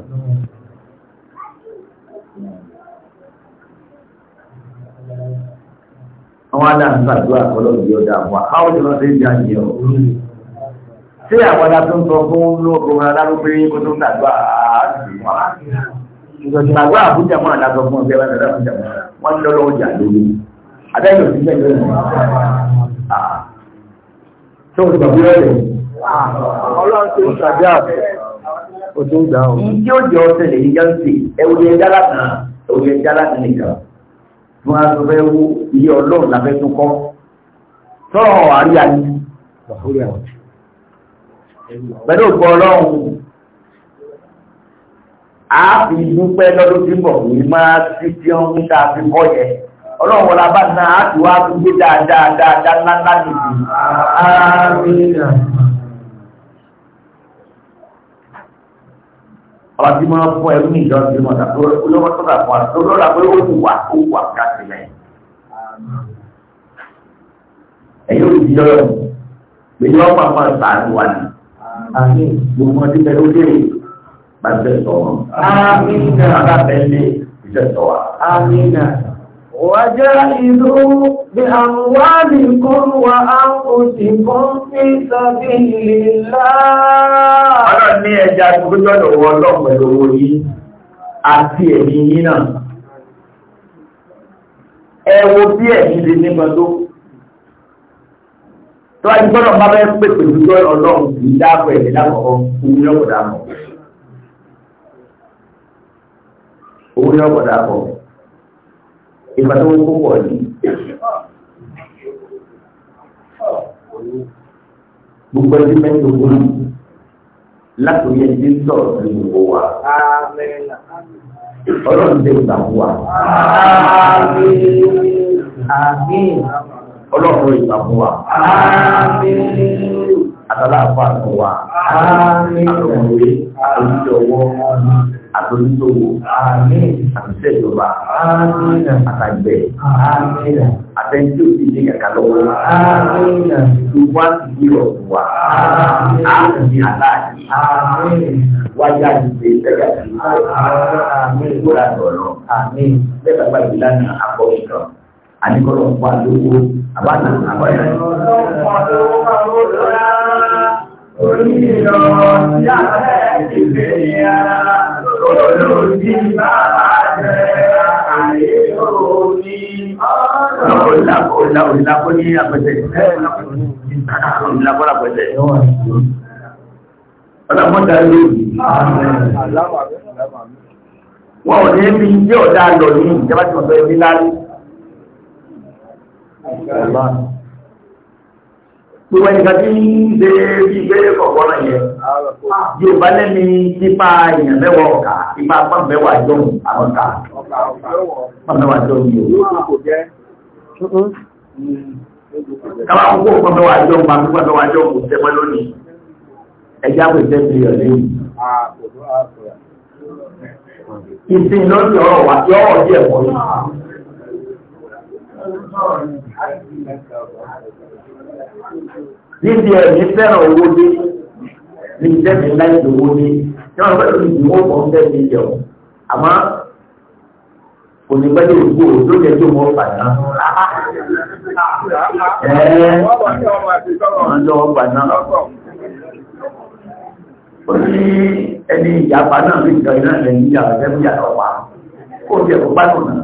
àwọn aláǹsàdúrà ọlọ́bí ọdá wà áwọn ìlọ́ sí ìjà ní ọ sí àwọn ọdá tó ń sọ fún lóòrùn alárúgbé kó tó ń dàgbà àgbà àbújá máa dàgbà fún ọgbẹ́ wọn lọ́wọ́ jà lórí adẹ́yọ̀ sí mẹ́jọ ìwọ̀n tó ń gbàgbé ọ̀rẹ́ ọlọ́run tó ń gbàgbé àpò ó tó ń gbà ọ́. ìdí òjò ọ̀sẹ̀ lè yíyá ń sè ẹwùjẹ jálá kan ẹwùjẹ jálá kan nìkan fún asọ́fẹ́ wú ilé ọlọ́run lábẹ́ tó kọ́ tọ́rọ̀ àríyá ni pẹ̀lú òkú ọlọ́run a fi dúpẹ́ lọ́dún tí ń bọ̀ ní máa ti fi ọ́n níta fi kọ́ yẹn ọlọ́run wọlé abá náà á ti wá gbogbo dáadáa dáadáa ńláńlá nìyí. Àmín. ọba tí wọ́n fọ ẹrú ní ìjọ ìgbìmọ̀ tàbí olówó tó dàpọ̀ àti olóòlà pé ó wùwà ó wùwà káàkiri lẹ́yìn. ẹ̀yin ò jíjọ́ lọ́wọ́ gbèjọ́ ọmọ àwọn àgbà àti wà ní. gbogbo ọdún bẹ́ẹ̀ ó bá ń bẹ̀ sọ̀rọ̀. àmín. bá ń bẹ̀ lé ìṣẹ̀ sọ̀rọ̀. àmín. وجاهدوا بأموالكم وأنفسكم في سبيل الله. Ọlọ́run ní ẹja gbogbo lọ́wọ́ ọlọ́run pẹ̀lú owó yìí àti ẹ̀mí yìí náà. Ẹ wo bí ẹ̀mí lè ní mọ́tò. Tó wájú gbọ́dọ̀ bá bẹ́ẹ̀ pè pè gbogbo ọlọ́run kì dáàbò ẹ̀mí lákọ̀ọ́ òun yóò kọ̀ dáàbò ìgbà tó wọ́n púpọ̀ ní gbogbo ẹbí mẹ́tò gbọ́n láti yẹ ti sọ̀rọ̀ sí gbogbo wa. Ọlọ́run lè gbà wá. Ọlọ́run lè gbà wá. Àtàlà àpá àtàwà. Àlọ́ òwe, àlọ́ ìjọwọ́ àtòjútòwò àtúnṣe ìjọba àtàgbẹ̀ àtẹ̀jú ìdílé kàkà lọ́wọ́ ìwà ìdílé ọ̀tùwà àti aláàjì wáyà ìgbé lẹ́yà ìgbé ìgbóra lọ́lọ́ lẹ́yà ìgbà ìlànà àkọ́ṣọ́ àníkọ́lọ́ ń pa lówó àbáná àbáyá. Orí ìrọ̀ sí àlẹ́ ìgbé ara, olóòtí bá àjẹ́ àyè òní. Ọ̀rọ̀ ìlàpọ̀ ní àpẹẹsẹ̀. Ìlàpọ̀ àpẹẹsẹ̀. Ọlọ́pọ̀ta lórí. Wọ́n ò ní bí jẹ́ ọ̀dá lọ ní ìjọba tí wọ́n fẹ́ ní lárí gbogbo ẹnìkan tí ń ṣe bí pé kọ̀kọ́rọ̀ yẹn yóò bá lẹ́ni nípa èèyàn mẹ́wàá ọ̀kà ipa pọ́n mẹ́wàá jọ̀hún àwọn ọ̀kà pọ́n mẹ́wàá jọ̀hún yóò. káwá ń kó pọ́n mẹ́wàá jọ̀hún àti pọ́n mẹ́wàá jọ̀hún kò tẹ́ mọ́ lónìí ẹ̀já kò tẹ́ fi ọ̀ lẹ́yìn. ìsìn lọ́sẹ̀ ọ̀rọ̀ wa yọ ọ̀ díẹ̀ pọ̀ níbi ẹ̀mí fẹ́ràn owó dé ní ìdẹ́mi láì lówó dé ní wọn fẹ́ràn ìdí owó kan fẹ́ mi jẹun àmọ́ kò ní pẹ́ yóò gbó tó jẹ́ tó mọ́ fàná. ẹ̀ẹ́ wọ́n lọ fàná. ó ní ẹni ìyàpá náà lè jọ iná lẹ́yìn ìyàwó ẹgbẹ́ ìyàwó wa kó o jẹ́ kó bá tó náà.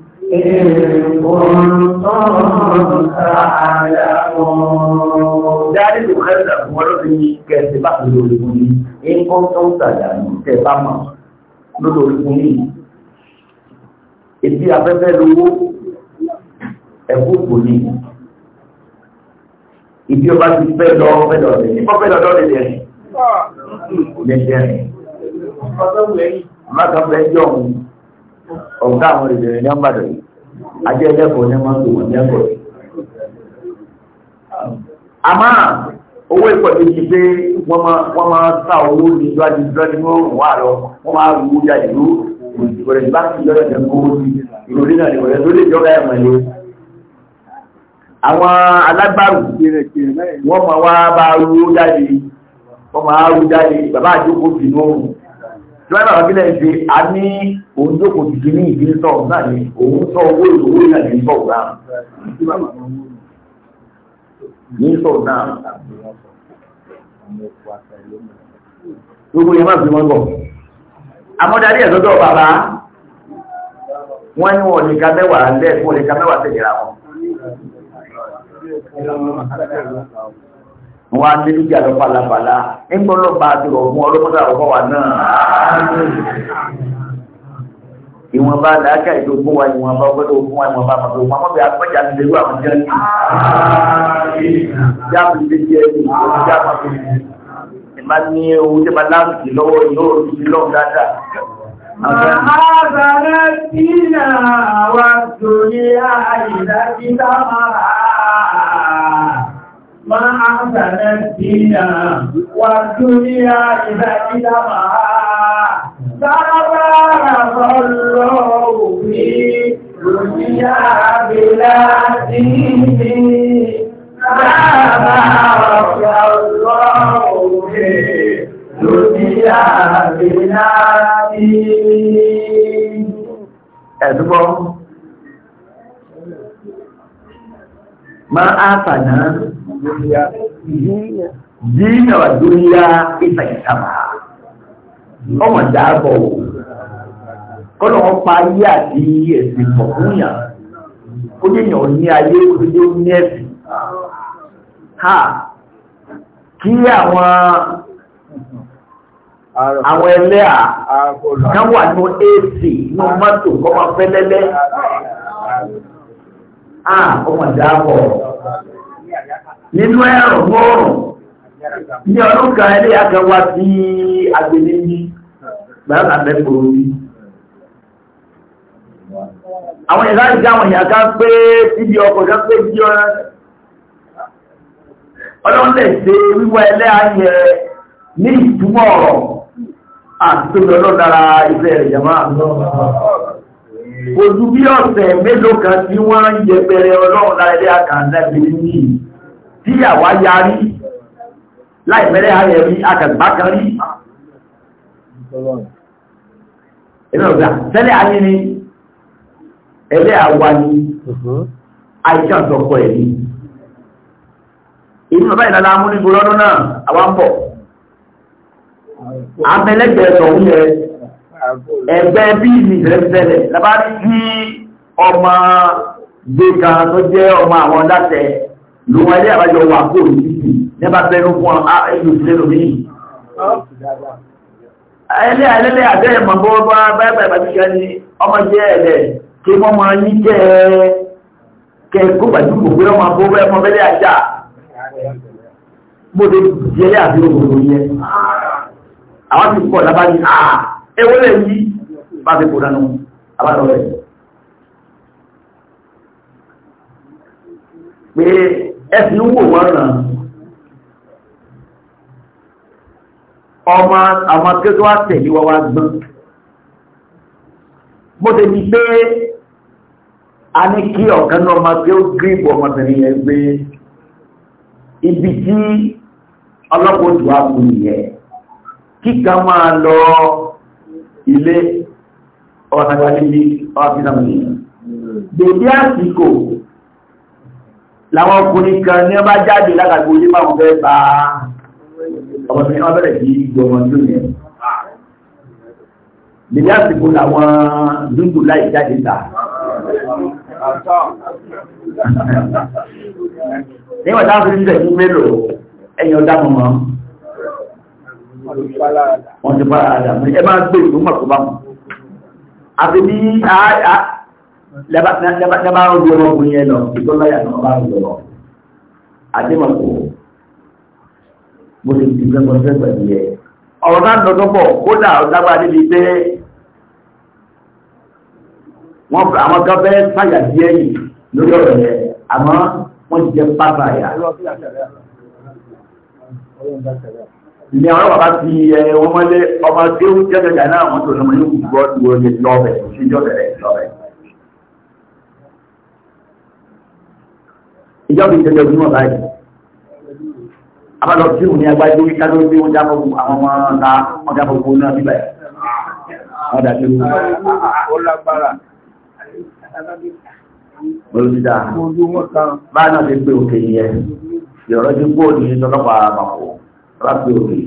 Dárí kò kẹ́lẹ̀ fún ọlọ́rin ní kẹsì bá fi lórí fún ní, in kọ́ tó ń tàjà ní tẹ bá mọ̀ lórí fún ní. Èdí afẹ́fẹ́ lówó ẹ̀kú kò ní. Ìdí ọba ti fẹ́ lọ fẹ́ lọ rẹ̀, ní fọ́fẹ́ lọ́dọ́ rẹ̀ rẹ̀. Kò lẹ́sẹ̀ rẹ̀. Má kan fẹ́ jọ̀ ọ̀gá àwọn ìbẹ̀rẹ̀ ní ọ̀bàdàn yìí ajẹ́ ẹlẹ́kọ̀ọ́ ní ọmọ tòun ní ẹ̀kọ́ yìí. àmọ́ owó ìpọ̀jù ti pé wọ́n máa sá owó ní ìjọ́jú ìjọ́jú ní òòrùn wà lọ wọ́n máa rú ya ìlú ìròyìn bá ti yọ̀rọ̀ jẹ́ kó ìròyìn náà ìròyìn tó lè jọba ẹ̀mọ̀ yìí. àwọn alágbàrù wọ́n máa wá bá rú jáde wọ́n máa rú jáde bàbá àjókòó bì ní òòrùn dọ́là àbílẹ̀ ṣe a ní òun tó kò tìkì ní ìdí sọ ọ̀gbà ní òun sọ owó ìlówó ìlànà ní sọ ọ̀gbà ní sọ ọ̀gbà gbogbo yẹn má fi wọn bọ̀ àmọ́darí ẹ̀ bàbá wọ́n ní wọn ní ká mẹ́wàá ní ká mẹ́wàá wọn wọn á ní dúkìá lọ balabala ẹgbẹ́ ọlọ́ba àti ọ̀gbun ọlọ́mọdé àkọ́kọ́ wa náà. ìwọ̀nba làákà ìdógún wa ìwọ̀nba ọgbọ́dọ̀ ogun wa ìwọ̀nba àmọ́tò wọn mọ́bẹ̀ agbẹ́jà ti lè rú àwọn jẹ́ ní. jáàmù ti jẹ́ ní ìwọ̀n jáàmù ti ní. ìmá ní owó tí ma láǹkì lọ́wọ́ yóò rí i lọ́wọ́ dáadáa. Àbábára tí náà wà sórí àìdájí sámàrà. ما أحسن الدين والدنيا إذا كلمها سرطان صلوا في دنيا بلا دين Ẹ̀dúgbọ́, máa áfà náà Dunia wà dúnyá ìfà ìsàmà ọmọ dáàbọ̀ kọ́nà wọn pa ayé àti ẹ̀sìn pọ̀ fún yàn ó yẹ̀yàn ní ayé ó ní ẹ̀sìn ha kí àwọn àwọn ẹlẹ́ à kan wà ní ac ní mọ́tò kọ́ máa fẹ́ lẹ́lẹ́ ah ọmọ dáàbọ̀ nínú ẹ̀rọ gbọ́ọ̀rùn ní ọdún kan ilé akẹwà sí agbèlè yìí gbàgbà mẹ́kọ̀ọ́ orí àwọn ìlà ìjà àwọn èèyàn ká pé síbi ọkọ̀ ká pé bí lè ṣe ẹlẹ́ ayẹ ní ìtumọ̀ ọ̀rọ̀ àti tóbi dára rẹ̀ jàmá bí ọ̀sẹ̀ mélòó kan tí wọ́n ń ọlọ́run láìlé tíyàwó yarí láì mẹ́rẹ́ ààrẹ rí akàgbà kan rí ẹ̀rọ ọ̀gá tẹ́lẹ̀ ayé ni ẹlẹ́ àwa ni àìsàn tọkọ ẹ̀ ni èyí bàbá ìlànà amúnigbò lọ́dún náà àwa ń bọ̀ abẹ́lẹ́gbẹ̀ẹ́ tọ̀hún yẹ ẹgbẹ́ bíi nìgbẹ́sẹ̀lẹ̀ lábá rí ọmọ gbé kan tó jẹ́ ọmọ àwọn látẹ̀ẹ́ ló wọn ilé àbájọ wà kó ìdíjì nípa bẹnu fún ẹlò sílẹ̀lò mí. ẹlẹ́ àlẹ́lẹ́ àbẹ́ ẹ̀mọ̀ bọ́ bá báyìí bàbí kan ní ọmọ jẹ́ ẹ̀lẹ́ kí wọ́n máa yí kẹ́ ẹ kẹ́ kó gbàdú kò pé ọmọ bó bẹ́ẹ̀ mọ bẹ́lẹ́ àjà bó de jẹ́lẹ́ àbí òwòrò yẹ. àwọn ti pọ̀ lábá ní à ewúrẹ́ yìí bá fi kó dánú àbálọ́ rẹ̀. pé ẹ̀fì ń wò wọ́n ràn ọmọ àwọn akẹ́kọ̀ọ́ wá tẹ̀lé wọ́n wá gbọ́n mo tẹ̀ ní pé a ní kí ọ̀kan náà máa pé ó gírípù ọmọbìnrin yẹn gbé ibi tí ọlọ́pọ̀tù wá kù kíkà máa lọ ilé ọ̀tàgbà níbi ọ̀tàgbà níbi bèbí àsìkò làwọn ọkùnrin kan ní ọba jáde lágàgbò ní báwọn fẹ́ bá ọmọbìnrin wọn bẹ̀rẹ̀ sí ìgbọmọ tó yẹn níbi àsìkò làwọn dúdú láì jáde ta níwọ̀n táwọn fi ń tẹ̀ fún mélòó ẹ̀yìn ọ̀dá mọ̀mọ́ wọ́n ti fara àdàmú ẹ máa gbé ìlú mọ̀kúbámu àfi ní lẹ́bàá ń gbé ọmọkùnrin yẹn lọ ìtọ́ lọ́yà náà bá ń lọ àdèmọ̀kò mo lè ti gbẹ́gbọ́n fẹ́ pẹ̀lú yẹ ọ̀rọ̀ náà ń lọ́dọ́ pọ̀ kódà ọ̀dágbà níbi pé wọ́n àwọn kan fẹ́ sáyà díẹ̀ yìí lórí ọ̀rọ̀ yẹn àmọ́ wọ́n ti jẹ pápá yà ní ọ̀rọ̀ bàbá ti ẹ̀ wọ́n mọ́lé ọmọ tí ó jẹ́ gẹ̀gẹ̀ náà wọ́n tó lọ́mọ yóò gbọ́ tó lọ́bẹ̀ síjọ́ bẹ̀rẹ̀ lọ́bẹ̀ ìjọba ìjọba ìjọba báyìí abálọ tí òun ní agbájú wí kájọ pé wọ́n jábọ̀ àwọn ọmọ ọ̀tá wọ́n jábọ̀ gbogbo náà bíbẹ̀ ọ̀dà tí ó lágbára olùdíjà bá náà ti gbé òkè yẹ ìrọ̀rọ̀ ti gbó òní tọ́lọ́pàá àbàkù rà pé òkè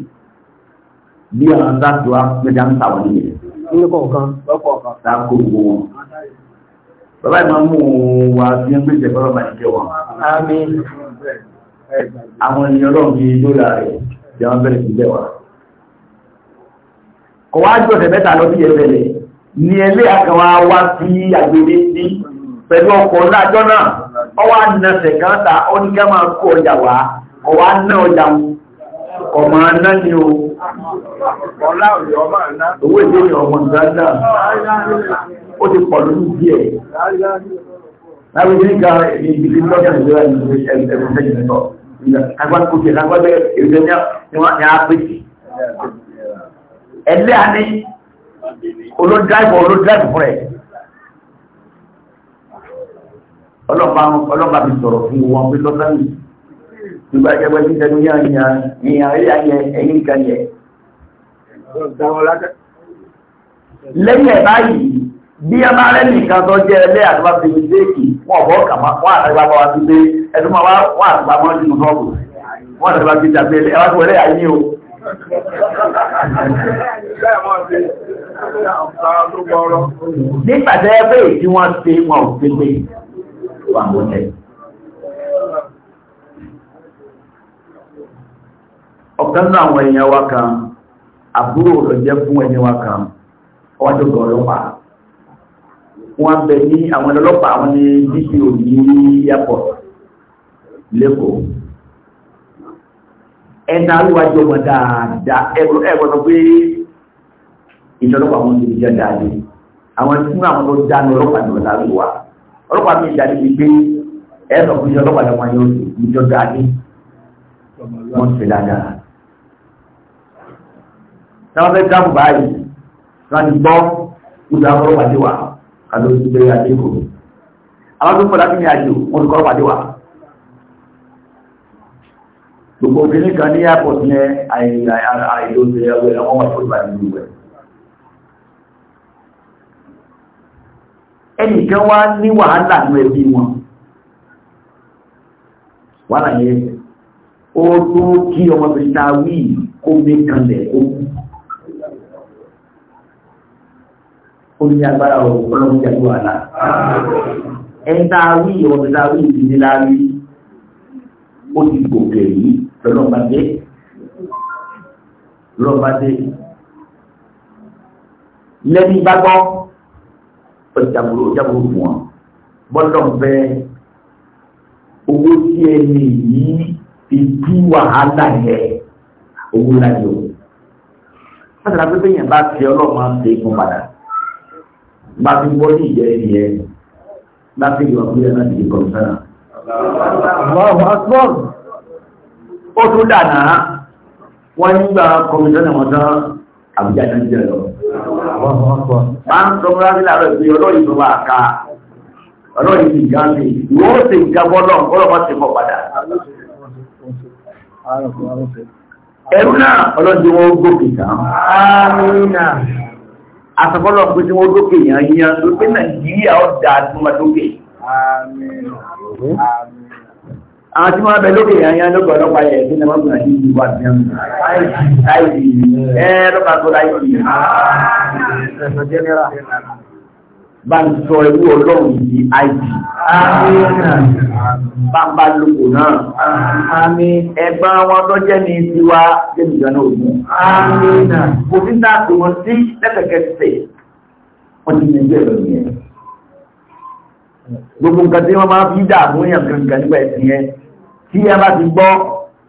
bí àwọn dáàtò á pẹ́jà ń tàwọn nìyẹn lọ́kọ̀ọ̀kan lọ́kọ̀ọ̀kan tá a kó gbogbo wọn bàbá ìmọ̀ mú wa bí ń gbé jẹ̀kọ́ lọ́bàá ìjẹ́ wọn àmín àwọn ènìyàn lọ́n bí lóla rẹ̀ jẹ́ wọn bẹ̀rẹ̀ sílẹ̀ wa kọ̀ wá jọ ọ̀sẹ̀ mẹ́ta lọ sí ẹ̀fẹ̀lẹ̀ ní ẹlé àkànwá wá sí àgbèrè sí pẹ̀lú ọkọ̀ lájọ́ náà ọwá ọmọ aná o ọlá òyìn ó ti pọ̀ lórí díẹ̀. Láwọn ìdílé ga ìdílé lọ́jà ìlera ẹ̀rọ ìṣẹ́jú sọ. Agbára kò jẹ́ lágbára èrè ni wọ́n á pè sí. Ẹ̀lẹ́ àní olódàìbò olódàìbò fún ẹ̀. Ọlọ́pàá mi sọ̀rọ̀ fún wọn pé lọ́sàn yìí. Nígbà ìjẹ́gbẹ́ tí ìjẹ́nu yá ni àríyá ẹ̀yìn kan yẹ. Lẹ́yìn ẹ̀ báyìí, bí a máa rẹ̀ nìkan tó jẹ́ ẹlẹ́ àdúgbà fi déèkì wọ́n bọ́ kàmá wọ́n àtàgbà wa ti dé ẹdún máa wà àtàgbà nínú sọ́ọ̀bù wọ́n àtàgbà fi jàpé ẹlẹ́ o. ẹgbẹ́ tí wọ́n ṣe wọn ò pé wà mọ́ ọ̀kan náà àwọn wa wọ́n bẹ ní àwọn ọlọ́pàá àwọn ní dpo ní airport lẹ́kọ̀ọ́ ẹ̀dá àríwájú ọmọ dáadáa ẹ̀rọ ẹ̀rọ sọ pé ìjọlọ́pàá wọn ti jẹ́ dáadé àwọn tí wọ́n àwọn tó dáná ọlọ́pàá ní ọ̀dà àríwá ọlọ́pàá mi ìjà níbi pé ẹ̀rọ fún ìjọlọ́pàá lọ́wọ́ yóò ìjọ dáadé wọ́n ti dáadáa táwọn fẹ́ dáàbò báyìí wọ́n ti gbọ́ ìjọ àwọn ọlọ́pàá ti wà á alójúgbé adéko àwọn tó fọ́dá kí ní àjò wọn ló kọ́ pàdé wa gbogbo obìnrin kan ní airport ní àìlóṣe ẹwẹ́ ọmọ wọn fún ìbàdí ìlú rẹ̀ ẹnìkan wá ní wàhálà ní ẹbí wọn wàhálà yẹn ó tó kí ọmọbìnrin ta wí kó mé kanlẹ̀ ó kú ó ní agbára ọlọ́run jẹ́ tó àlá ẹ̀ta wí ọ̀dọ̀dá wí ìdílá rí ó ti gòkè yìí lọ́lọ́bàdé lọ́lọ́bàdé lẹ́ni bá gbọ́ ọjàbúrò ọjàbúrò fún wọn bọ́dọ̀ fẹ́ owó tí ẹni yìí fi tú wàhálà yẹ owó láyò. Wọ́n ti pé bẹ́yẹn bá fi ọlọ́run á ṣe é fún padà bá ti wọ́n ní ìjẹ́ ìyẹn láti yọ ọ̀pẹ́ láti di kọ̀mùsára. ó tún dànà wọ́n nígbà kọ̀mùsára wọn tán àbújá náà jẹ́ lọ. máa ń sọ múra nílà rẹ̀ pé ọlọ́yìn tó bá ká ọlọ́yìn ti ga sí ìwọ́n ó sì jábọ́ lọ náà àtọ̀kọ́lọ̀ pé tí wọ́n lókè yàn yíyan tó pé nàìjíríà ó dà tí wọ́n lókè àwọn tí wọ́n bẹ lókè yàn yíyan lókè ọlọ́pàá yẹ̀ tí wọ́n gbọ́nà sí ìlú wà bíyàn láìsí ẹ̀ẹ́dọ́gbàtọ́ láìsí bá ń sọ ẹrú ọlọ́run di ib bàbá lóko náà ẹ̀bá wọn tó jẹ́ ní tiwa jẹ́mìjọ náà ògùn kò sí náà tó wọ́n sí lẹ́sẹ̀kẹsẹ̀ wọ́n ti yẹn bẹ̀rẹ̀ yẹn gbogbo nǹkan tí wọ́n máa fi dààmú yàn kankan nígbà ẹ̀sìn yẹn tí ẹ bá ti gbọ́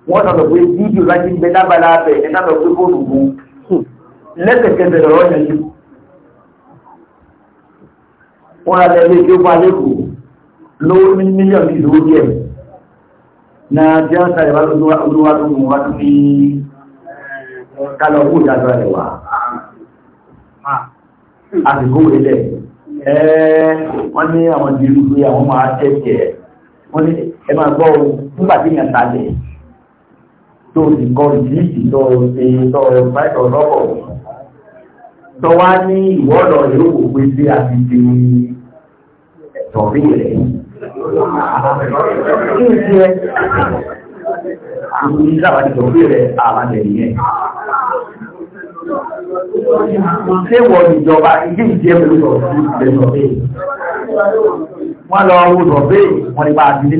wọ́n sọ̀rọ̀ pé fídíò láti ń bẹ lábàlá bẹ̀ ẹ̀ sábà pé fóònù fún hmm. lẹ́sẹ̀kẹsẹ̀ lọ́rọ̀ yẹn wọ́n rà lẹ́lẹ́ tí ó bá lẹ́kù lówó ní mílíọ̀nù ìlú díẹ̀ na jẹ́ ọ̀sàrẹ̀ wá olúwa tó mú wá ní kálọ̀ kú ìdájọ́ rẹ̀ wá àsìkò ilẹ̀ wọ́n ní àwọn ìlú pé àwọn máa tẹ́tẹ̀ wọ́n ní ẹ máa gbọ́ nígbà tí yàn tàlẹ̀ tó ti kọ́ ìdíjì tó ṣe tọ́ ọ̀rọ̀ lọ́pọ̀ tó wá ní ìwọ́dọ̀ yóò pé sí àti ti torí rẹ̀. Kí n ṣe àwọn ìdáwà ti torí rẹ̀ àbájẹ̀ yẹn? Ṣé wọ ìjọba ilé ìjẹ́ pẹ̀lú sọ̀rọ̀ sí ìpínlẹ̀ sọ̀rọ̀ Wọ́n lọ wo sọ̀rọ̀ wọ́n ní bá ti dé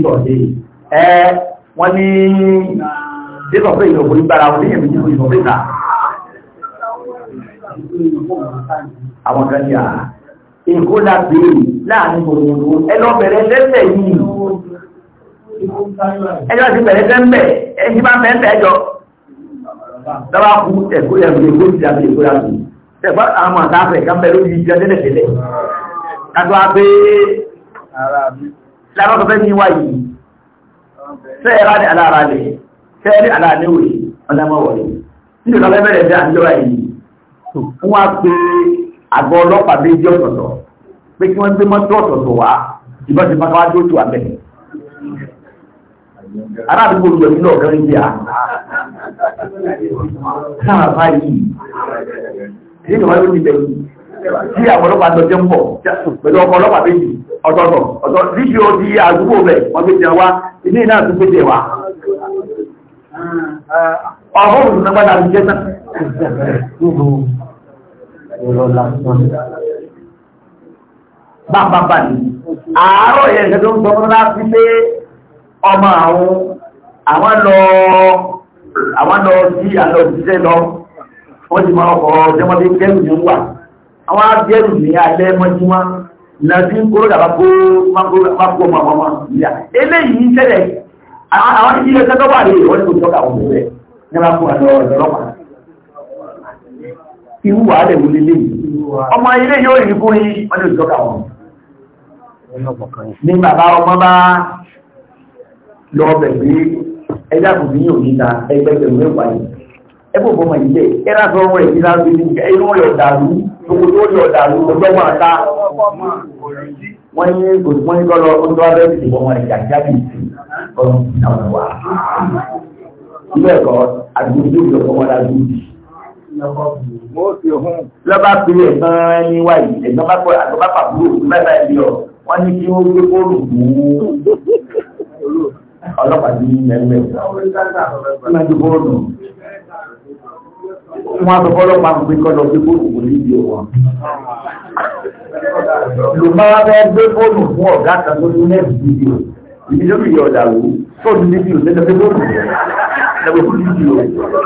ẹ wọ́n ní dé sọ̀rọ̀ ìlú òkúrí gbára wọn léyìn méjì fún ìsọ̀rọ̀ Èkó la bèèrè láàrin òyìnbó ẹlọ bẹ̀rẹ̀ lẹ́sẹ̀ yìí. Ẹjọ́ ti bẹ̀rẹ̀ sẹ́ńbẹ̀, ẹjí máa fẹ́ ńbẹ̀ ẹjọ́. Lọ́wọ́ kú ẹ̀kó yẹ̀ èkó ti dàbí èkó la bèèrè. Ṣẹ̀fọ́ àwọn àtàfẹ́ kan bẹ̀rẹ̀ lórí ìjọ tẹ́lẹ̀ tẹ́lẹ̀. Kàtó a pé lábọ́ tó fẹ́ ní wáyé. Ṣé ẹ̀rá ni alára lè? Ṣé ẹ̀rí alára ní òye? Ọlọ́mọ wọ̀lẹ̀. Nígbà tó fẹ́ bẹ̀rẹ̀ àgọ́ ọlọ́pàá méjì ọ̀tọ̀ọ̀tọ̀ pé kí wọ́n gbé mọ́tò ọ̀tọ̀ọ̀tọ̀ wá ìbọn ti fáwọn adó tó abẹ́ arábìgbò lọ nílò ọ̀gá ń bíà sáà báyìí ní ìjọba ló ti bẹ̀ yìí tí àwọn ọlọ́pàá lọ jẹ́ ń bọ̀ pẹ̀lú ọkọ̀ ọlọ́pàá méjì ọ̀tọ̀ọ̀tọ̀ ọ̀tọ̀ níbi ó di àdúgbò bẹ̀ wọ́n gbé jẹ wá ilé náà tún gbé jẹ wá Irọ́ lásán. Bàbàbà ni, àárọ̀ yẹn tó ń sọ láti pé ọmọ àwọn àwọn lọ sí àlọ́ òṣìṣẹ́ lọ, wọ́n ti máa ọkọ̀ ọ̀dẹ́mọ́dé ní wà. Àwọn ní alẹ́ kóró dàbà kó irú wà lẹ̀ wọlé lè ọmọ ilé yóò rí kó yí wọ́n lè jọ́ka wọn ní bàbá ọmọ bá lọ bẹ̀rẹ̀ ẹjá kò bí yóò níta ẹgbẹ̀gbẹ̀rún ẹ̀wà yìí ẹbò bọ́mọ ilé ẹ̀rà tó wọ́n èyí láti ní inú ọ̀yọ̀ dàrú gbogbo tó yọ̀ dàrú ọjọ́ máa ta wọ́n ní òṣùwọ́n ní kọ́lọ́ ọjọ́ abẹ́ ìbọmọ ìjà jáde ìsìn ọ̀run ìdáwọn wa ilé ẹ̀kọ́ àdúgbò tó yọ̀ fọmọdá dúró lọ́ba pilẹ̀ gan-an ní wáyé ẹ̀gbọ́n bá pọ̀ àgbọ̀n bá pàbúrò mẹ́ta ẹ̀bí ọ̀ wọ́n ní kí ó gbé bóòlù fún ọlọ́pàá ní ẹgbẹ́ ìlànà bọ́ọ̀lù wọn sọ fọlọ́pàá ń gbé kọ́lọ́ gbé bóòlù kò ní ìdí wọn. ló bá wá fẹ́ gbé bóòlù fún ọ̀gá kan tó ní nẹ́ẹ̀sì fídíò ìdí tó fi yọ ọ̀dà wò tó ní fídíò lẹ́nu gbé bóòlù lẹ́nu gbé bóòlù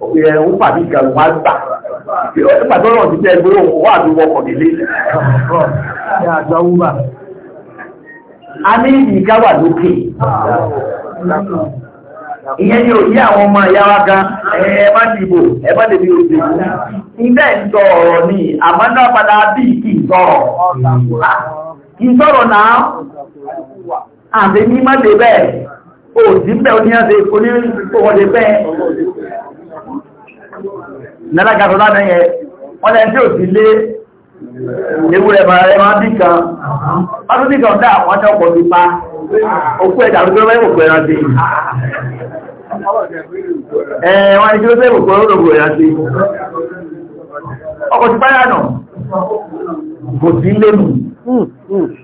ẹ̀ ń pàdé ìgbà wọn gbà nígbà ti jẹ́ ẹgbẹ́ òun wà ní wọkọ̀ nílé. a ní ìgá wà lókè ìyẹn ni ò àwọn ọmọ ìyá wa gan dìbò ẹ má débi òde ni padà bí ah, náà àti ní má bẹ́ẹ̀ bẹ́ẹ̀ lálága tó lánàá yẹn na tí ò sí lé ewu rẹ̀ máa bí kan bí kan àwọn ọjọ́ ọkọ̀ bí pa okú ẹ̀dà ló gbé òkú ẹran sí òkú sí ọkọ̀ ti kò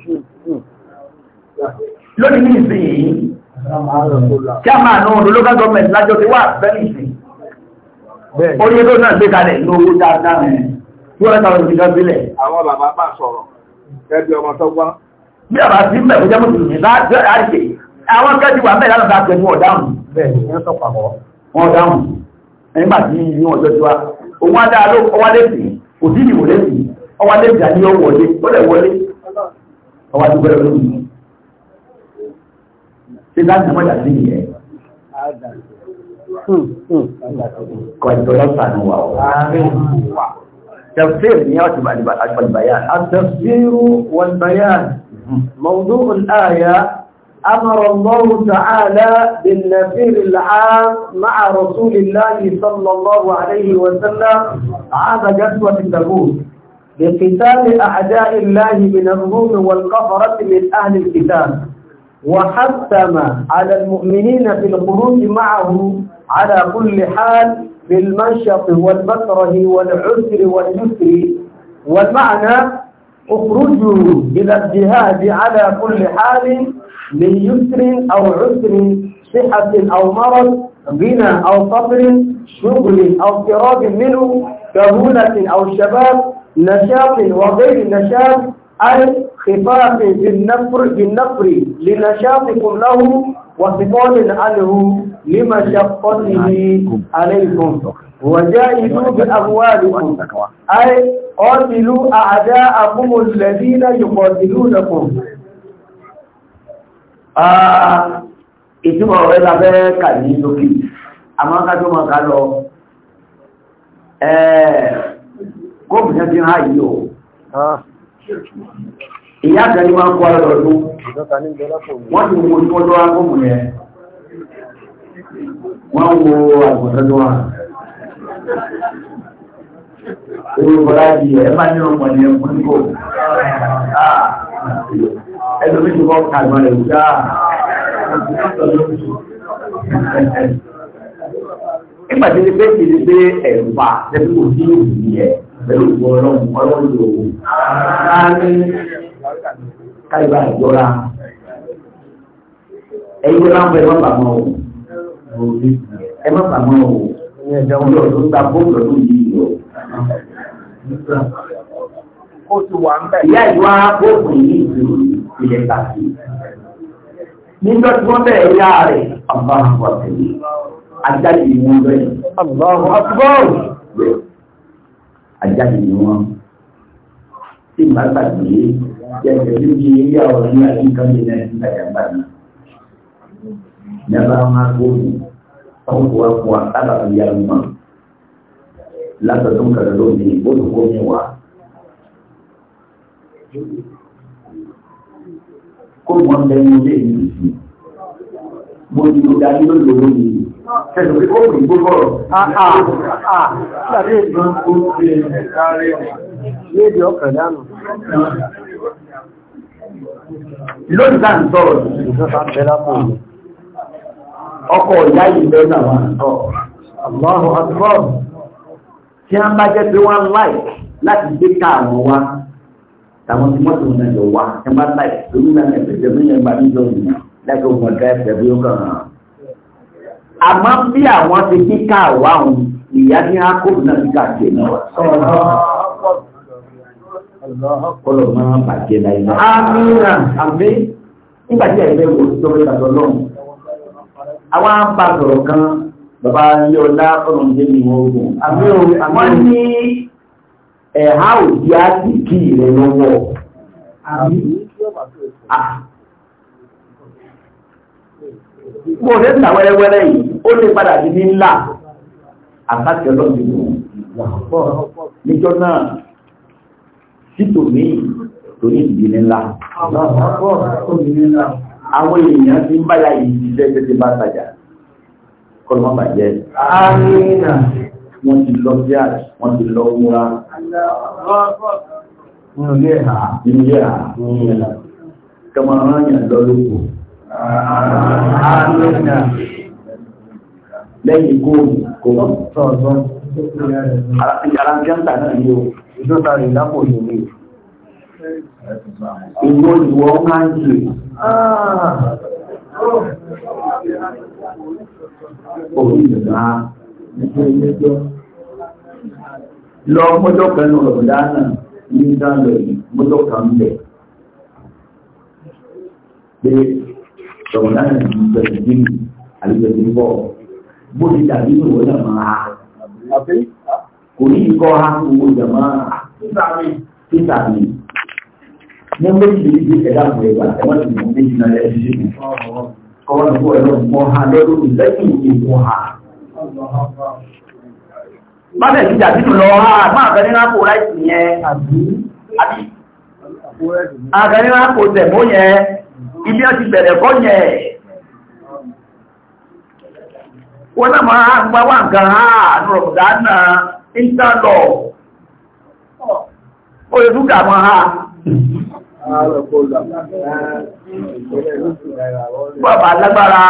sí lẹ́nu ní ìsìn yìí oye tó náà gbé kalẹ̀ ní owó dáadáa rẹ̀ tí wọ́n tàbí ìjọ sílẹ̀. àwọn bàbá bá sọ̀rọ̀ ẹbí ọmọ tó gbọ́n. bí a bá sí mẹ́ kó jẹ́ mùsùlùmí bá jẹ́ àìsè àwọn kẹ́jì wà mẹ́rin láti àgbẹ̀ wọn dáhùn. bẹ́ẹ̀ ni wọ́n sọ̀pọ̀ àwọ̀. wọ́n dáhùn nígbà tí ìlú wọn jọjú wa òun adá ló ọwá lẹ́sì kò sí ìdìbò lẹ́sì ọwá lẹ́sì àní ó wọlé ó lẹ̀ wọlé ọwá tó gbẹ́rẹ́ lónìí. ṣé láti mọ́jà sí ìyẹn. تفسير sànù wà بعد Tafsir ni yau tuba al-bayan. al wal-bayan. Mawdu al أمر الله تعالى بالنفير العام مع رسول الله صلى الله عليه وسلم عام جسوة النبوذ بقتال أعداء الله من الروم والكفرة من أهل الكتاب وحتم على المؤمنين في الخروج معه على كل حال بالمنشط والمكره والعسر واليسر والمعنى اخرجوا إلى الجهاد على كل حال من يسر أو عسر صحة أو مرض غنى أو فقر شغل أو فراغ منه كهولة أو شباب نشاط وغير نشاط أي خفاف بالنفر بالنفر لنشاطكم له وثقال عنه لمشقته عليكم وجاهدوا بأموالكم أي قاتلوا أعداءكم الذين يقاتلونكم ìtumọ̀ rẹ̀ lábẹ́ kàní lókè àmọ́ kájọ́ máa ká lọ ẹ̀ẹ́ kóòpù jẹ́ ti ráyìí o ìyá àtẹ́lú máa kọ́ ọlọ́dọọdún wọ́n ti wo tí wọ́n lọ́wọ́ agbóhùn rẹ̀ wọ́n wo àgbọ̀dọ́dọ́ wa owó bọ́lá di ẹ̀ máa ní ọmọ ní ẹ̀kún ní kò ẹ̀dọ́ méjì kọ́ kàgbọ́n rẹ̀ wúdá nígbàtí ní pé kìí pé ẹ̀rù pa lẹ́bí kò sí ìrìn pẹ̀lú ọlọ́run ọlọ́run òwò. Káyọ̀bá ìjọra. Ẹyin tó láǹfọ̀ ẹ má bà mọ́ o. Ẹ má bà mọ́ o. Ìjọ tó ń ta bóòlù ọdún yìí lọ. Ìyá ìwà bóòlù yìí ìlú ilẹ̀ tàbí. Nígbà tí wọ́n bẹ̀rẹ̀ yá rẹ̀, àjáde ni wọ́n tí n bá gbàgbé jẹ́jẹ́ ló di ilé ọ̀rọ̀ ní àti nǹkan ní ẹni gbàgbà mi. Nyaba wọn agbóhùn ọkọ̀ ọkọ̀ àtàlàfẹ́ yà wọn látọ̀tún kẹrẹ lónìí olùkọ́ mi wà. Kó wọn bẹ ní ilé ìlú Mo ní mo dá ní olówó Ẹ̀sùn ó kùn gbogbo ọ̀rọ̀. Ah, ah, ah. Ààbí ìgbọ́n kó ṣe ẹ̀kárẹ́ léèdè ọkàn dánù. Lónìí tá ń sọ̀rọ̀ ìjọba bẹ́lá fún mi. Ọkọ̀ ìyá yìí bẹ́ẹ̀ náà wà ń sọ. Allahu Akbar. Tí a bá jẹ́ pé wọ́n láì láti gbé káàmù wá, tàwọn tí mọ́tò náà wá, ẹ má láì lórí náà ẹ̀fẹ̀ jẹ́ mí ẹ̀ bá níjọ́ ìyàn láti àmọ́ bí àwọn ti kíkà wà wọn ìyá ní akóbù náà kíkà jẹ náà wà. Ọlọ́ máa bàjẹ́ láyé náà. Amínà àmì nígbà tí ẹ̀gbẹ́ wo tó fẹ́ bàtọ̀ lọ́hùn. Àwọn abàtọ̀rọ̀ kan bàbá ilé ọlá ọ̀run jẹ́ mi wọ́n gùn. Àmì òwe àmì òwe ní ẹ̀há òdì á sì kí ìrẹ̀ lọ́wọ́. Àmì bó o ṣe ń ta wẹ́rẹ́wẹ́rẹ́ yìí ó lè padà di ní ńlá àtàkì ọlọ́dún wà pọ̀ níjọ́ náà tí tòní tòní ìdí ní ńlá. àwọn èèyàn ti ń báyà yìí ṣiṣẹ́ tẹ́tẹ́ bá tajà kọ́lọ́ má bàjẹ́. wọ́n ti lọ sí àjẹ́ wọ́n ti lọ wúra. nínú ilé ẹ̀hà. nínú ilé ẹ̀hà. kẹmọ̀rán yàn lọ lóko lẹ́yìn góòlù kò sọ̀tọ̀ alájọ́ta náà ni o ìjọta rẹ̀ lápò yìí ni ìwọ ìwọ máa ń jì orí ìgbà lọ mọ́jọ́ pẹ̀lú ọ̀dá náà ní ìdánlẹ̀ mọ́jọ́ kan bẹ̀ tọ̀wọ̀n náà ní ìgbẹ̀rẹ̀ nínú àlùbẹ̀rẹ̀ ń bọ̀ bó ti dàbí ní òwe náà máa kò ní ìkọ́ ha owó jàmá títà mi ní méjì ní ìdí ẹ̀dá àpò ẹ̀gbà ẹ̀wọ́n ti mú méjì náà lẹ́yìn sí mi kọ́wọ́ ní kó ẹ̀rọ mọ́ ha lọ́dún lẹ́yìn ìwọ̀n ha. má bẹ̀ jíjà sínú lọ ha máa bẹ nínú àpò láìsí yẹn àbí àbí àgbẹ̀ nínú àpò tẹ̀mó ibi a ti bẹ̀rẹ̀ kọ́ yẹ wọ́n náà máa ń gbá wà nǹkan àánú rọ̀mùdánà ìtàlọ̀ oye dúkà máa ah. ha bọ́ọ̀bà lágbára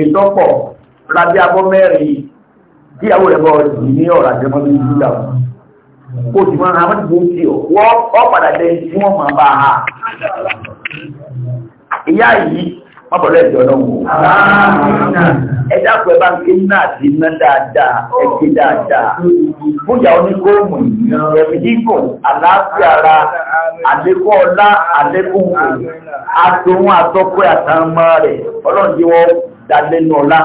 ìtọ́pọ̀ rábí abọ́ mẹ́rin tí àwọ̀ rẹ̀ bọ́ ọ̀dì ní ọ̀rà jẹmọ́ ní ìjúdà kò sì máa ha mọ́ ti bó ń tí ọ̀ wọ́n padà jẹ́ tí wọ́n máa bá ha ìyá yìí mọ́bọ̀lọ́ ẹ̀jọ́ náà wò ẹ̀dá pẹ̀ bá ń ké náà ti ná dáadáa ẹ̀ké dáadáa fúnjà oníkóòmù ẹ̀mí gígùn àlàáfíà ara àlékún ọlá àlékún òkú àtòun àtọ́kọ́ àtàmọ́ rẹ̀ ọlọ́run jí wọ́n dalẹ́nu ọlá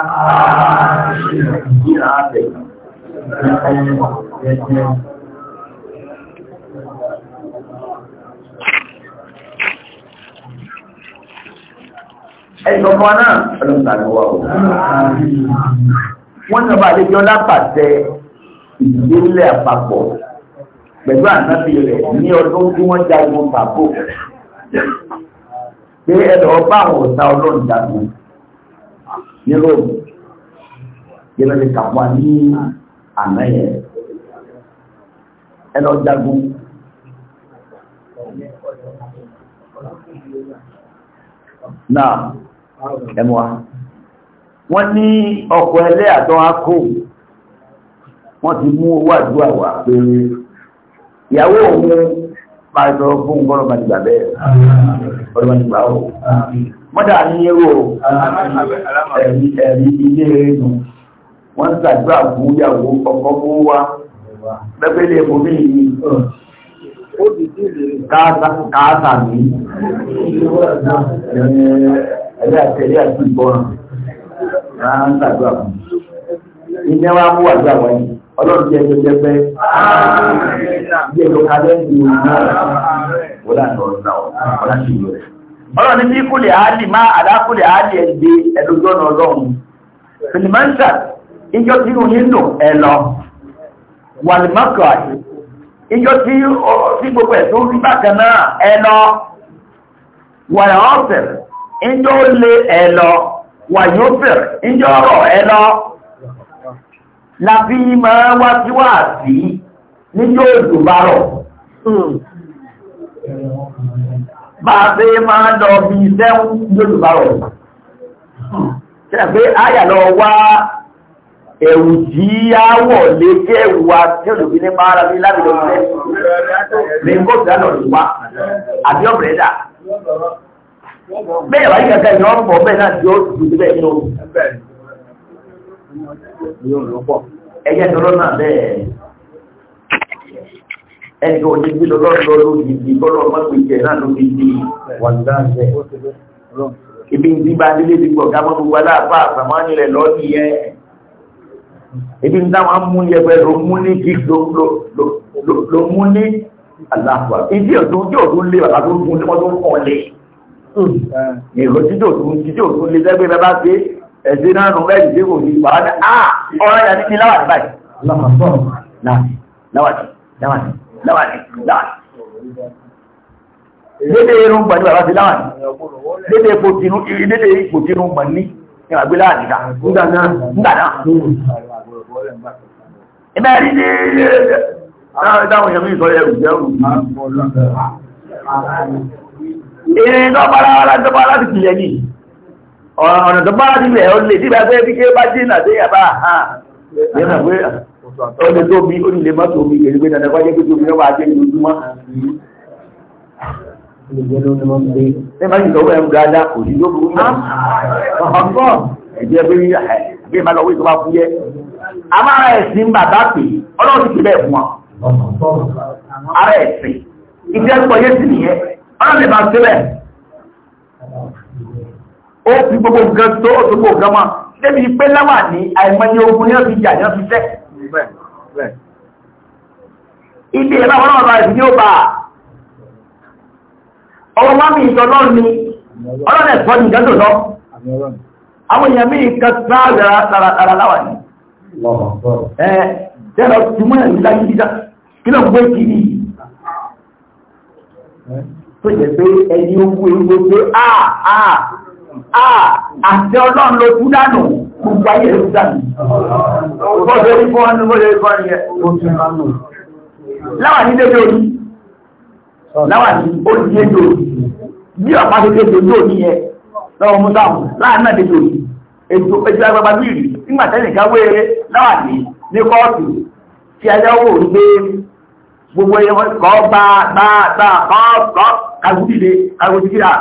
Thank you. ẹ̀sọ̀ kan náà ọlọ́pàá wà ó. Wọ́n ní ọba àlejò lápàtẹ ìgbélé àpapọ̀ pẹ̀lú ànábì rẹ̀ ní ọdún tí wọ́n jagun pàbó. Pé ẹ̀rọ ọba àwọn ọ̀tá ọlọ́run jagun ní Rome. Yẹ́nà lè kàwá ní àná yẹn. Ẹ̀rọ jagun. Now, ẹmọ́wá wọ́n ní ọkọ̀ ẹlẹ́ àtọ́ akó wọ́n ti mú owó àdúrà wà péré ìyàwó òun máa sọ fún bọ́lọ̀ bá ti gbà bẹ́ẹ̀ bọ́lọ̀ bá ti gbà ó mọ́dà ní èrò ẹ̀rí ilé ẹnu wọ́n ń ṣàdúrà fún ìyàwó ọkọ̀ fún wa pẹ́pẹ́lẹ́ omi yìí káàtà mi ẹ̀rí àtẹ̀lé àti ìgbọràn máa ń gbàdúrà fún mi. Ìyẹn wá mú àdúrà wáyé. Ọlọ́run jẹ́ ẹjọ́ jẹ́pẹ́. Bí ẹjọ́ kalẹ́ ní orí náà, wọ́n láti ọ̀rọ̀ náà, wọ́n láti ìlú rẹ̀. Ọlọ́run ní bí kúlẹ̀ áàlì máa àdákùlẹ̀ áàlì ẹ̀dẹ́ ẹ̀dọ́jọ́ náà lọ́run. Fìlìmọ́ńtà, ìjọ tí ó yín nù ẹ lọ. Wàlìmọ́kọ̀ àti ìjọ tí gbogbo ẹ̀ tó rí bákan náà ẹ lọ. Wàlẹ̀ ọ̀sẹ̀ ìjọ lè ẹ̀lọ wà yóò fẹ̀rẹ̀ ìjọ rọ̀ ẹ̀lọ láti mọ́ wá sí wà sí níjọ́ òjò bá rọ̀ hmm. bá fẹ́ máa lọ bí sẹ́wọ́n níjọ́ òjò bá rọ̀ o hmm. ayàlọ wá ẹ̀wù tí á wọ̀ lé kẹ́ ẹ̀wù wa tí ó lòbí ní máa rà bí lábìlọ́pẹ́ bẹ́ẹ̀ wáyé kẹta ìyẹn ọ̀rùn bọ̀ bẹ́ẹ̀ náà tí ó dùdú bẹ́ẹ̀ ní oòrùn yóò lọ pọ̀ ẹ̀yẹ́ tó lọ́nà bẹ́ẹ̀ ẹni tó ní bí lọ́lọ́run lọ lórí ibi lọ́lọ́run mọ́ pé jẹ náà lórí ibi wàlúùdá bẹ́ẹ̀ ibi ń bíbá nílé ti gbọ̀gá mọ́ gbogbo aláàbá àtàmánì rẹ̀ lọ́ọ̀dì yẹn ebi ń dáwọn mú yẹpẹ ló mú ní kí ló mú ní aláàbà ìdí ọ̀tún tí ọ̀tún lé bàbá tó gún ní wọ́n tó kàn lé ìgò títò tún títò tún lè sẹ́gbẹ́ bẹ́ẹ̀ bá ṣe ẹ̀sìn náà nù rẹ́ẹ̀dì tí kò ní ah, wàá ní à ọ̀rọ̀ yà ní kí láwàdí báyìí. láwàdí láwàdí láwàdí láwàdí. dédé irun gbà ní bàbá ti láwàdí dédé ipò tinú dédé ipò tinú gbà ní ìwàgbé láwàdí ká nígbà náà nígbà náà. ìbẹ́ rí ní ilé rẹ̀ ah, dáhùn yẹn mi sọ yẹ ìrìn tó bára wá láti bára láti kìlẹ̀ ní ọ̀nà tó bára nílẹ̀ ó lè dígbà pé bí ké bá jìnà sí yàbá àhán lẹ́nà pé ó lè tó bí ó lè má tó bí èrè pé dandan kọ́ jẹ́ pé tó bí lọ́wọ́ ajé ní ojúmọ́ ní má jìnà owó ẹ̀mú dáadáa kò sí lóbi wúyọ ọ̀pọ̀ ẹ̀jẹ̀ pé bí ẹ̀ má lọ́wọ́ ìtọ́ bá fúyẹ́ a máa rẹ̀ sí bàbá pè ọlọ́run ti bẹ̀ fún ọ ara ẹ̀sìn ìjẹ́ pọ̀ yé sí nìyẹn ọlọ́dẹ̀ bá sílẹ̀ ó fi gbogbo nǹkan tó gbogbo nǹkan mọ́ débi pé láwà ní àìmọye ogun ní ọ̀fi jàjá fi tẹ́ ilé ìlàwọ̀ náà bá ìdí yóò bá ọwọ́ wá mi ìtọ́lọ́ ni ọlọ́dẹ̀ sọ ní ìdájọ́ lọ àwọn èèyàn mi kan sáà tààrà láwà ní ẹ̀ tẹ́lọ ti mú ẹ̀ nílá yìí dídá kí lọ gbé kiri tó jẹ́ pé ẹni owó ewé pé áà áà áà àti ọlọ́run ló kú dànù gbogbo ayé ló kú dànù. Bọ́ọ̀dọ̀ ní fún ọ́n ní bọ́ọ̀dọ̀ ní fún ọ́n yẹn. Láwà ní dédé orí. Láwà ní ó di dédé orí. Bí ọ̀pá ti dédé orí òní yẹn lọ́wọ́ mú sáwọn láàánú náà dédé orí. Ètò ètò agbábá bí ìrì nígbà tẹ́lẹ̀ ká wéere láwà ní ní kóòtù tí ayáwó ń gbé gbogbo ẹ̀kọ́ bá bá bá kọ́ kọ́ agbódìde agbódìkìdà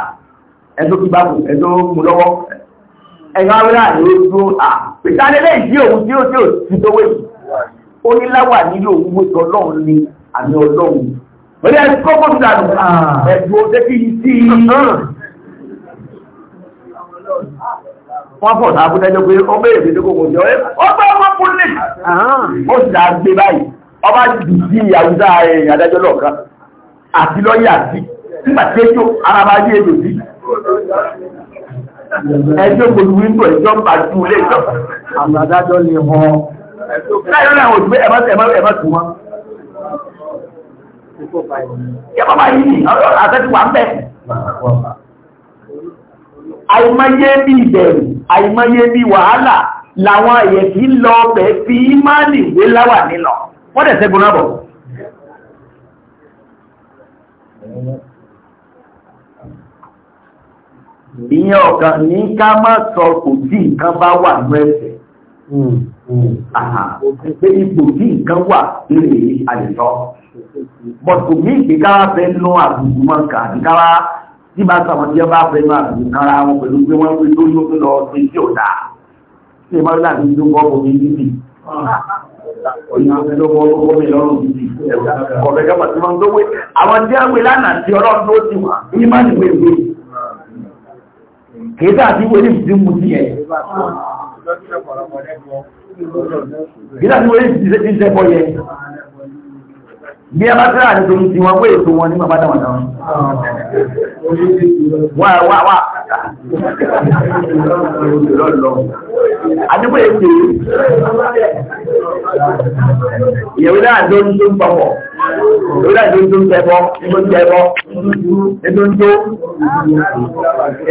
ẹ̀tọ́ kí bábù ẹ̀tọ́ mú lọ́wọ́ ẹ̀yọ́ awẹ́rà ni ó dúró à pèsè lé ìdí òun tí ó tí ó ti tó wé ó ní láwà nílò owó tó ọlọ́run ni àmì ọlọ́run pẹ̀lú ẹni kọ́kọ́ tó dànù ẹ̀dùn ó tẹ́kí yìí sí i wọ́n fọ̀ sáà fún ẹjọ́ pé ó bèèrè pé kò kò jọ ẹ́ ó bá wọn fún lè ó sì dá gbé ọba dùn sí ìyàwó dáa ẹ̀yìn adájọ́ lọ́ọ̀kan àti lọ́yà àti nígbà tí ejò araba yé ejò bí ẹjọ́ gbogbo wíńdò ẹjọ́ bá ju ilé ìjọ àwọn adájọ́ lè họ láyọ̀ náà òjú ẹ̀mọ́ ẹ̀mọ́ ẹ̀mọ́ tù wọn. yẹ́pọ̀ bá yìí àtẹ́tù wà ń bẹ̀. àìmọye bí ìbẹ̀rù àìmọye bí wàhálà làwọn ẹ̀yẹ̀ kì í lọ ọbẹ̀ fi ímánì ìwé láwà nílọ wọ́n dẹ̀ sẹ́gun náà bọ̀ ìyẹn ọ̀kan ní ká má sọ kò tí nǹkan bá wà ní ẹsẹ̀ hmm, hmm. pé ipò tí nǹkan wà lè àlèsọ bọ̀tò mí ìpè káwá fẹ́ nú àbùkù mọ́ kà ní káwá tí bá sọ̀rọ̀ tí ẹ bá fẹ́ nú àbùkù kára wọn pẹ̀lú pé wọ́n wí lórí ó lọ sí tí ò dáa tí ìmọ̀ láti ń dúpọ̀ omi níbi àwọn tí a lánàá tí ọlọ́run ló ti wà ní má nìwé ìwé kèéta àti wọlé ìdí mú sí ẹ̀ kèéta àti wọlé ìdí ìṣẹ́kọ́ yẹ bí a bá tẹ́lá àti tó ń ti wọn pé èso wọn ní bàbá dáwọn wá wá wá kàkà lọ́lọ́ àdúgbò èké ìyẹ̀wò náà tó ń tó ń papọ̀ ìyẹ̀wò náà tó ń tó ń tẹ̀bọ̀ tó ń tẹ̀bọ̀ tó ń tó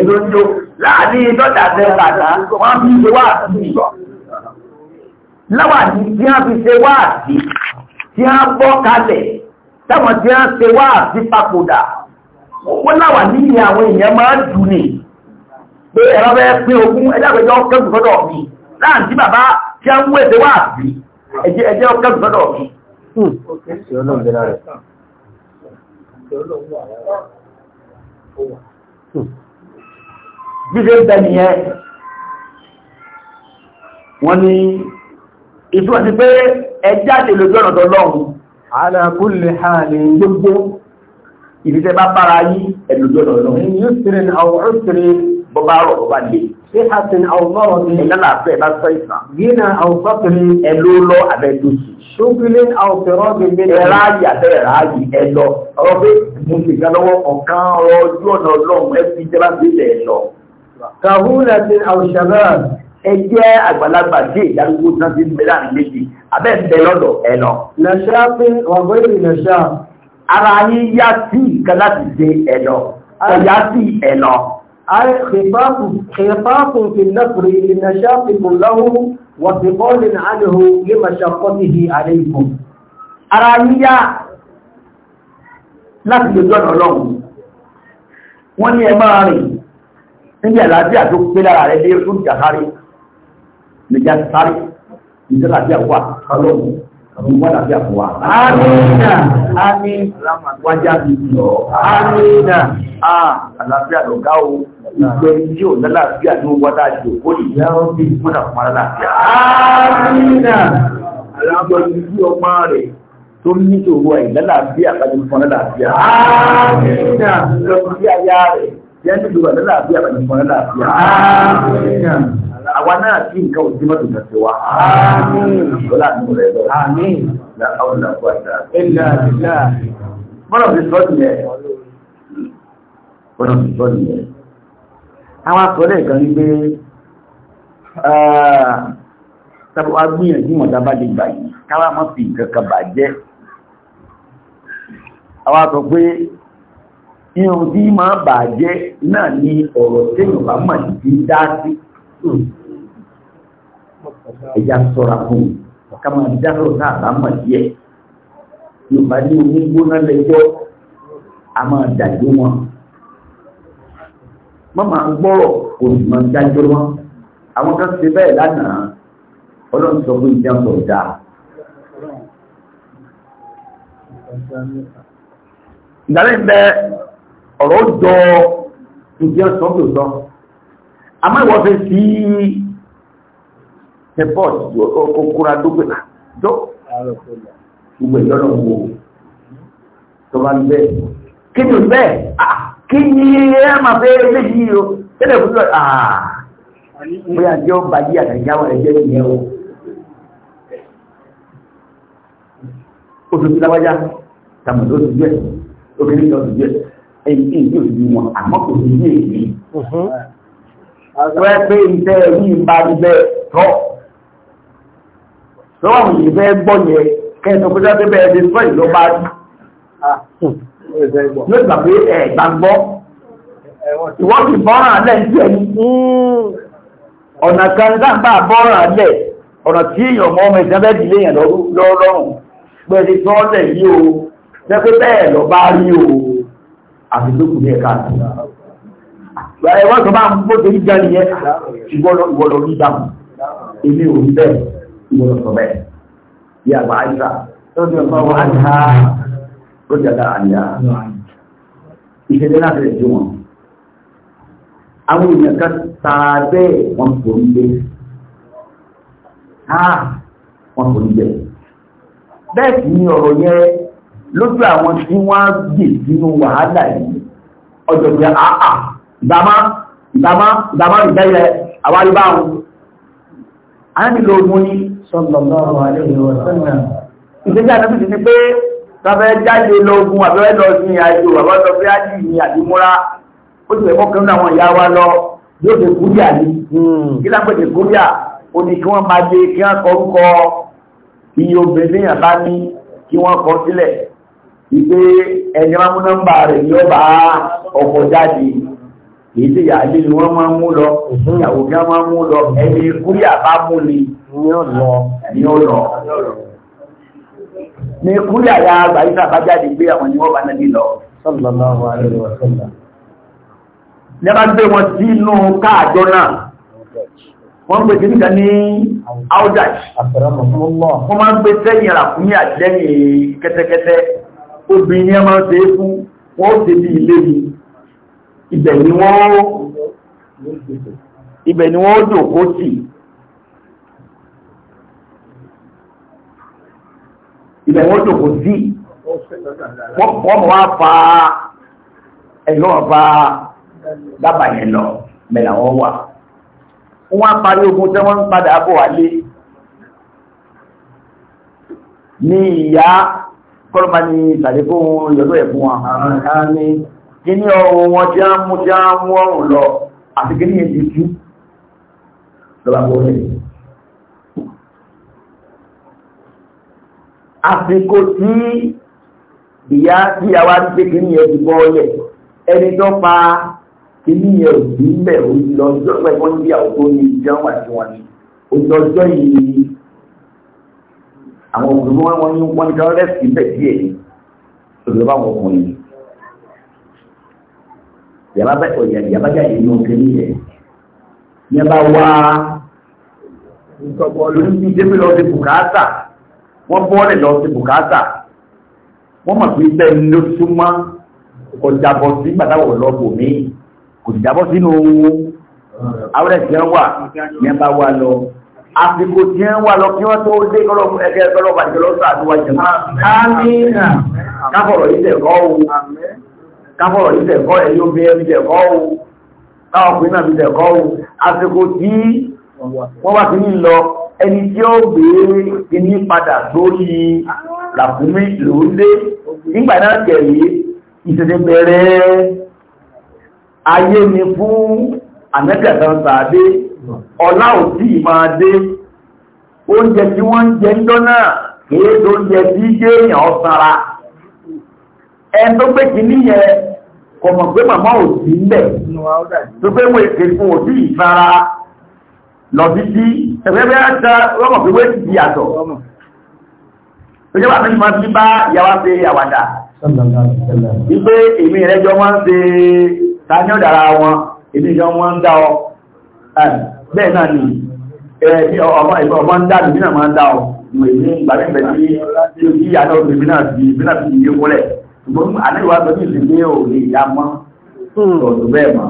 tó ń tó láàrin dọ́tà tẹ̀ bàtà wọ́n fi ṣe wá àtúntò láwà tí wọ́n fi ṣe wá àti tí wọ́n bọ́ kalẹ̀ táwọn tí wọ́n ṣe wá àti papòdà wọ́n láwà ní ìyẹn àwọn èèyàn máa dùn ní pé ẹ̀rọ fẹ́ pín ogún ẹjọ́gbẹ̀jọ́ kẹ́gùsọ́dọ̀ mi láàrín tí bàbá tí a ń wé ẹ̀dẹ́ wà bí ẹjẹ́ kẹ́gùsọ́dọ̀ mi. Gbígbé ń bẹ nìyẹn, wọ́n ní ìtúwọ̀n ti pé ẹjáde lójú ọ̀nà tọ́lọ́run. Àlàkúlè hàn ní gbogbo ìfisẹ́ bá bára yí ẹ̀lòjọ́ lọ́nà. ní yusrin àwọn ọ̀sẹ̀rẹ̀ bọ́bá rọ̀ bọ́bá lè. ṣé hasan àwòrán ni. ẹ̀yán làásẹ̀ bá sọ ìsàn. gínà àwòsọ́kiri ẹ̀ló lọ abẹ́ lóṣù. ṣókìlẹ̀ àwòfẹ́rọ́ gbẹgbẹ́. ẹ̀rá yìí àtẹ̀ ẹ̀rá yìí ẹ̀ lọ. ọ̀rọ̀ pé mo ti ga lọ́wọ́ ọ̀kan ọ̀rọ̀ ojú ọ̀nà ọlọ́run ẹ fi jẹ́ bá fi lẹ̀ àgbàlagbà sí ìdádúgbò náà ti ń méjì abẹ́ ń bẹ lọ́dọ̀ ẹ lọ. nàṣà pé wàgbẹ́ ìrìn nàṣà ara yín yá sí ìkan láti dé ẹ̀lọ ọ̀yá sí ẹ̀lọ. خفاف في النفر لمشاقكم له وثقال عنه لمشقته عليكم ara yíyá láti lè jọ́nà ọlọ́run wọ́n ní ẹ máa níbi àlàáfíà tó pé lára rẹ̀ lé oṣù jàkárí lè sáré ìjọ́làáfíà wọ́n àbí àfọwà. Amina, Amina, wájá bí lọ. Amina, ah, àlàáfíà lọ gá o, ìgbẹ́ ilé ò lálàáfíà ní wọ́dá jù ó lè yá ó bí fún àwọn aláàfíà. Amina, àlàáfíà ilé ọmọ rẹ̀ tó ní ìṣòro ẹ̀ lálàáfíà pàdé fún aláàfíà. Amina, lọ sí ayá rẹ̀, jẹ́ nílùú àlàáfíà pàdé fún aláàfíà. Amina àwa náà kí nǹkan òjú mọ́tò náà ti wá. lọ́la ní rẹ̀ lọ. làwọn náà wà dá. bọ́lá ti sọ nìyẹn. bọ́lá ti sọ nìyẹn. àwọn akọ̀ọ́lẹ̀ kan ní pé ah, sábà wá gbìyànjú wọn dábàá lè gbà yìí káwá má fi nǹkan kan bàjẹ́. àwa sọ pé ihun tí máa bàjẹ́ náà ni ọ̀rọ̀ téèyàn bá mọ̀ ní dá sí ẹja sọra fún un ká máa dáhùn tá a bá mọ̀ díẹ̀ yorùbá ní onígbóná lẹ́jọ́ a máa dàjú wọn má máa gbọ́rọ̀ kò sì máa dájọ́ wọn àwọn kan ṣe bẹ́ẹ̀ lánàá ọlọ́run sọ fún ìjà sọ̀ dáa. ìdálẹ́ ń bẹ ọ̀rọ̀ jọ ìjẹun sọ́kùsọ àmọ́ ìwọ́fẹ́ sí i ẹ̀bọ́t okúra dógbèlà jọ gbogbo ìjọ́nà wo tó bá ń bẹ́ẹ̀ kí ni bẹ́ẹ̀ kí ni ẹ máa fẹ́ léyìí o tẹ́lẹ̀ fún ọ pé àjọ bàjí àtàjáwọ̀ ẹ̀jẹ̀ nìyẹn o oṣù tí láwájá tàbí oṣù díẹ̀ obìnrin kan oṣù díẹ̀ ẹ̀yìn tí ìdí òṣù wọn àmọ́ kò sí ní èyí. wọ́n pé ìtẹ́ ẹ̀yìn bá ń tọ́ lọ́wọ́ mi ìfẹ́ gbọ́ yẹ kẹ́ẹ̀tọ́ pé sọ́tẹ́ bẹ́ẹ̀ ti sọ́ ìlú bá rí ló gbà pé ẹ̀ gbàgbọ́ ìwọ́n ti bọ́ràn alẹ́ ń tẹ̀ ọ̀nà kan dáńbà bọ́ràn alẹ́ ọ̀nà tí èèyàn mọ́ ọmọ ìsẹ́ bẹ́ẹ̀ dìlé èèyàn lọ́rùn pẹ̀lú tí wọ́n lẹ̀ yí o jẹ́pẹ́ bẹ́ẹ̀ lọ bá rí o àti tó kù ní ẹ̀ka àti ẹ̀wọ́n tó bá ń gbọ́dọ̀ ìjà nìyẹn ìwọ́lọ́ ìgbà èmi ò rí bẹ́ẹ̀ gbọ́dọ̀ sọ bẹ́ẹ̀ bí àgbà àìsà tó ti ọ̀pọ̀ wọn àti ha ó ti àgbà àyà ìṣẹ̀lẹ̀ láti rẹ̀ sí wọn. àwọn èèyàn kan ta bẹ́ẹ̀ wọn kò ní gbé ha wọn kò ní gbé bẹ́ẹ̀ sì ni ọ̀rọ̀ yẹn lójú àwọn tí wọ́n gbè sínú wàhálà yìí ọjọ́ pé àà ìdámá ìdámá ìdámá ìdáyẹ àwárí báwọn. a lo ogun ní sallallahu alaihi wa sallam ìgbésẹ̀ àti ìdí ni pé tàbí jáde lọ ogun àbẹ́rẹ́ lọ sí àjò àbá lọ bí ájì ní àdìmúra ó ti ẹ̀kọ́ kan láwọn ìyá wa lọ yóò ṣe kúríà ní hmm. kí lápẹ̀tẹ̀ kúríà ó ní kí wọ́n máa dé kí wọ́n kọ́kọ́ iye obìnrin yàn bá ní kí wọ́n kọ sílẹ̀ ìpé ẹni máa mú nọ́mbà rẹ̀ yóò bá ọkọ̀ jáde èyí tí ìyá àjẹ́ ni wọ́n máa mú lọ hmm. ìyàwó kí wọ́n máa mú lọ ẹni kúríà bá mú ni ni ó lọ ni ó lọ ní kúrẹ́ àyà àgbàyíká bá jáde gbé àwọn ni wọ́n bá náà nílọ sallallahu alaihi wa sallam ní a bá gbé wọn sí inú káàjọ náà wọ́n ń gbé kìí kan ní audach wọ́n máa ń gbé sẹ́yìn àkúnyà lẹ́yìn kẹ́tẹ́kẹ́tẹ́ obìnrin ẹ máa ń ṣe é fún wọ́n ó ṣe bí ilé mi ibẹ̀ ibẹ̀ wọ́n jòkó sí wọ́n mọ̀ wá fa ẹ̀yọ́ ọ̀fà dábàá yẹn lọ mẹ́lá wọ́n wà wọ́n á parí ogun tí wọ́n ń padà bọ̀ wálé ní ìyá kọ́lọ́mà ní ìtàlẹ́kọ́ yọ̀lọ́ ẹ̀fún wa ní kí ní ọrùn wọn tí a mú tí a mú ọrùn lọ àti kí ní èdè tú lọ́wọ́ àsìkò tí ìyá tí a wá gbé kí ní ẹ̀dì bọ́ ọlẹ̀ ẹni tó pa kí ní ẹ̀dì mẹ́ òjìlọ́jọ́ pẹ̀lú ní àwòkó ní ìjọun àti wọn ni òjìlọ́jọ́ yìí àwọn òkùnrin wọn wọn ní wọn ní káwọn rẹ́sì bẹ̀ díẹ̀ ní òjò bá wọn kùnrin yàrá bẹ́ ọ̀yà yàrá jáde ní òkè ní yẹ yẹn bá wá lórí ìdébìlọ́dẹ bùkátà wọ́n bọ́ọ̀lẹ̀ lọ sí bùkátà wọ́n mọ̀ pé bẹ́ẹ̀ ló súnmọ́ ọjàbọ̀ sí gbàdáwọ̀ lọ́bù mi kò sì jábọ́ sínú àwọn ẹ̀sìn wà ní ẹ bá wà lọ àsìkò tí ń wà lọ kí wọ́n tó dé kọ́lọ́mù ẹgbẹ́ ọlọ́pàá ìjọ lọ́sọ̀ àdúwà jẹ̀mọ́ àmìnà káfọ̀rọ̀ ìtẹ̀kọ́ o káfọ̀rọ̀ ìtẹ̀kọ́ ẹ̀ yóò bí o káwọn ọkùnrin náà bí tẹ̀kọ́ o àsìkò tí wọ́n ẹni tí ó gbé kíní padà lórí làkúnmí lóńdé nígbà náà kẹ̀rí ìṣẹ̀ṣẹ̀ bẹ̀rẹ̀ ayé ni fún àmẹ́kẹ̀kan sàádé ọlá òtí máa dé oúnjẹ tí wọ́n ń jẹ ńjọ́ náà kìí lóúnjẹ tí jẹ́ èèyàn ọ̀sára ẹn tó gbé kìíní yẹn kò pé màmá òtí ń bẹ̀ tó gbé wọ́n èké fún òtí ìsára lọ sí sí ẹgbẹ́gbẹ́ ta rọ́mọ̀ pé wé ti yàtọ̀ ìjọba fẹ́lú máa ti bá yàwá ṣe àwàdà wípé èmi rẹ̀ jọ wọ́n ṣe tanyọ́ dára wọn èmi jọ wọ́n ń dá ọ bẹ́ẹ̀ náà ni ọmọ ń dá mi náà máa ń dá ọ mo èmi gbàgbẹ́ tí tí o yíya náà mi náà fi mi náà fi yíyó kúlẹ̀ ṣùgbọ́n àlẹ́ ìwà sọ ní ìsinmi ò lè yá mọ́ ọ̀dọ̀ hmm. bẹ́ẹ̀ mọ́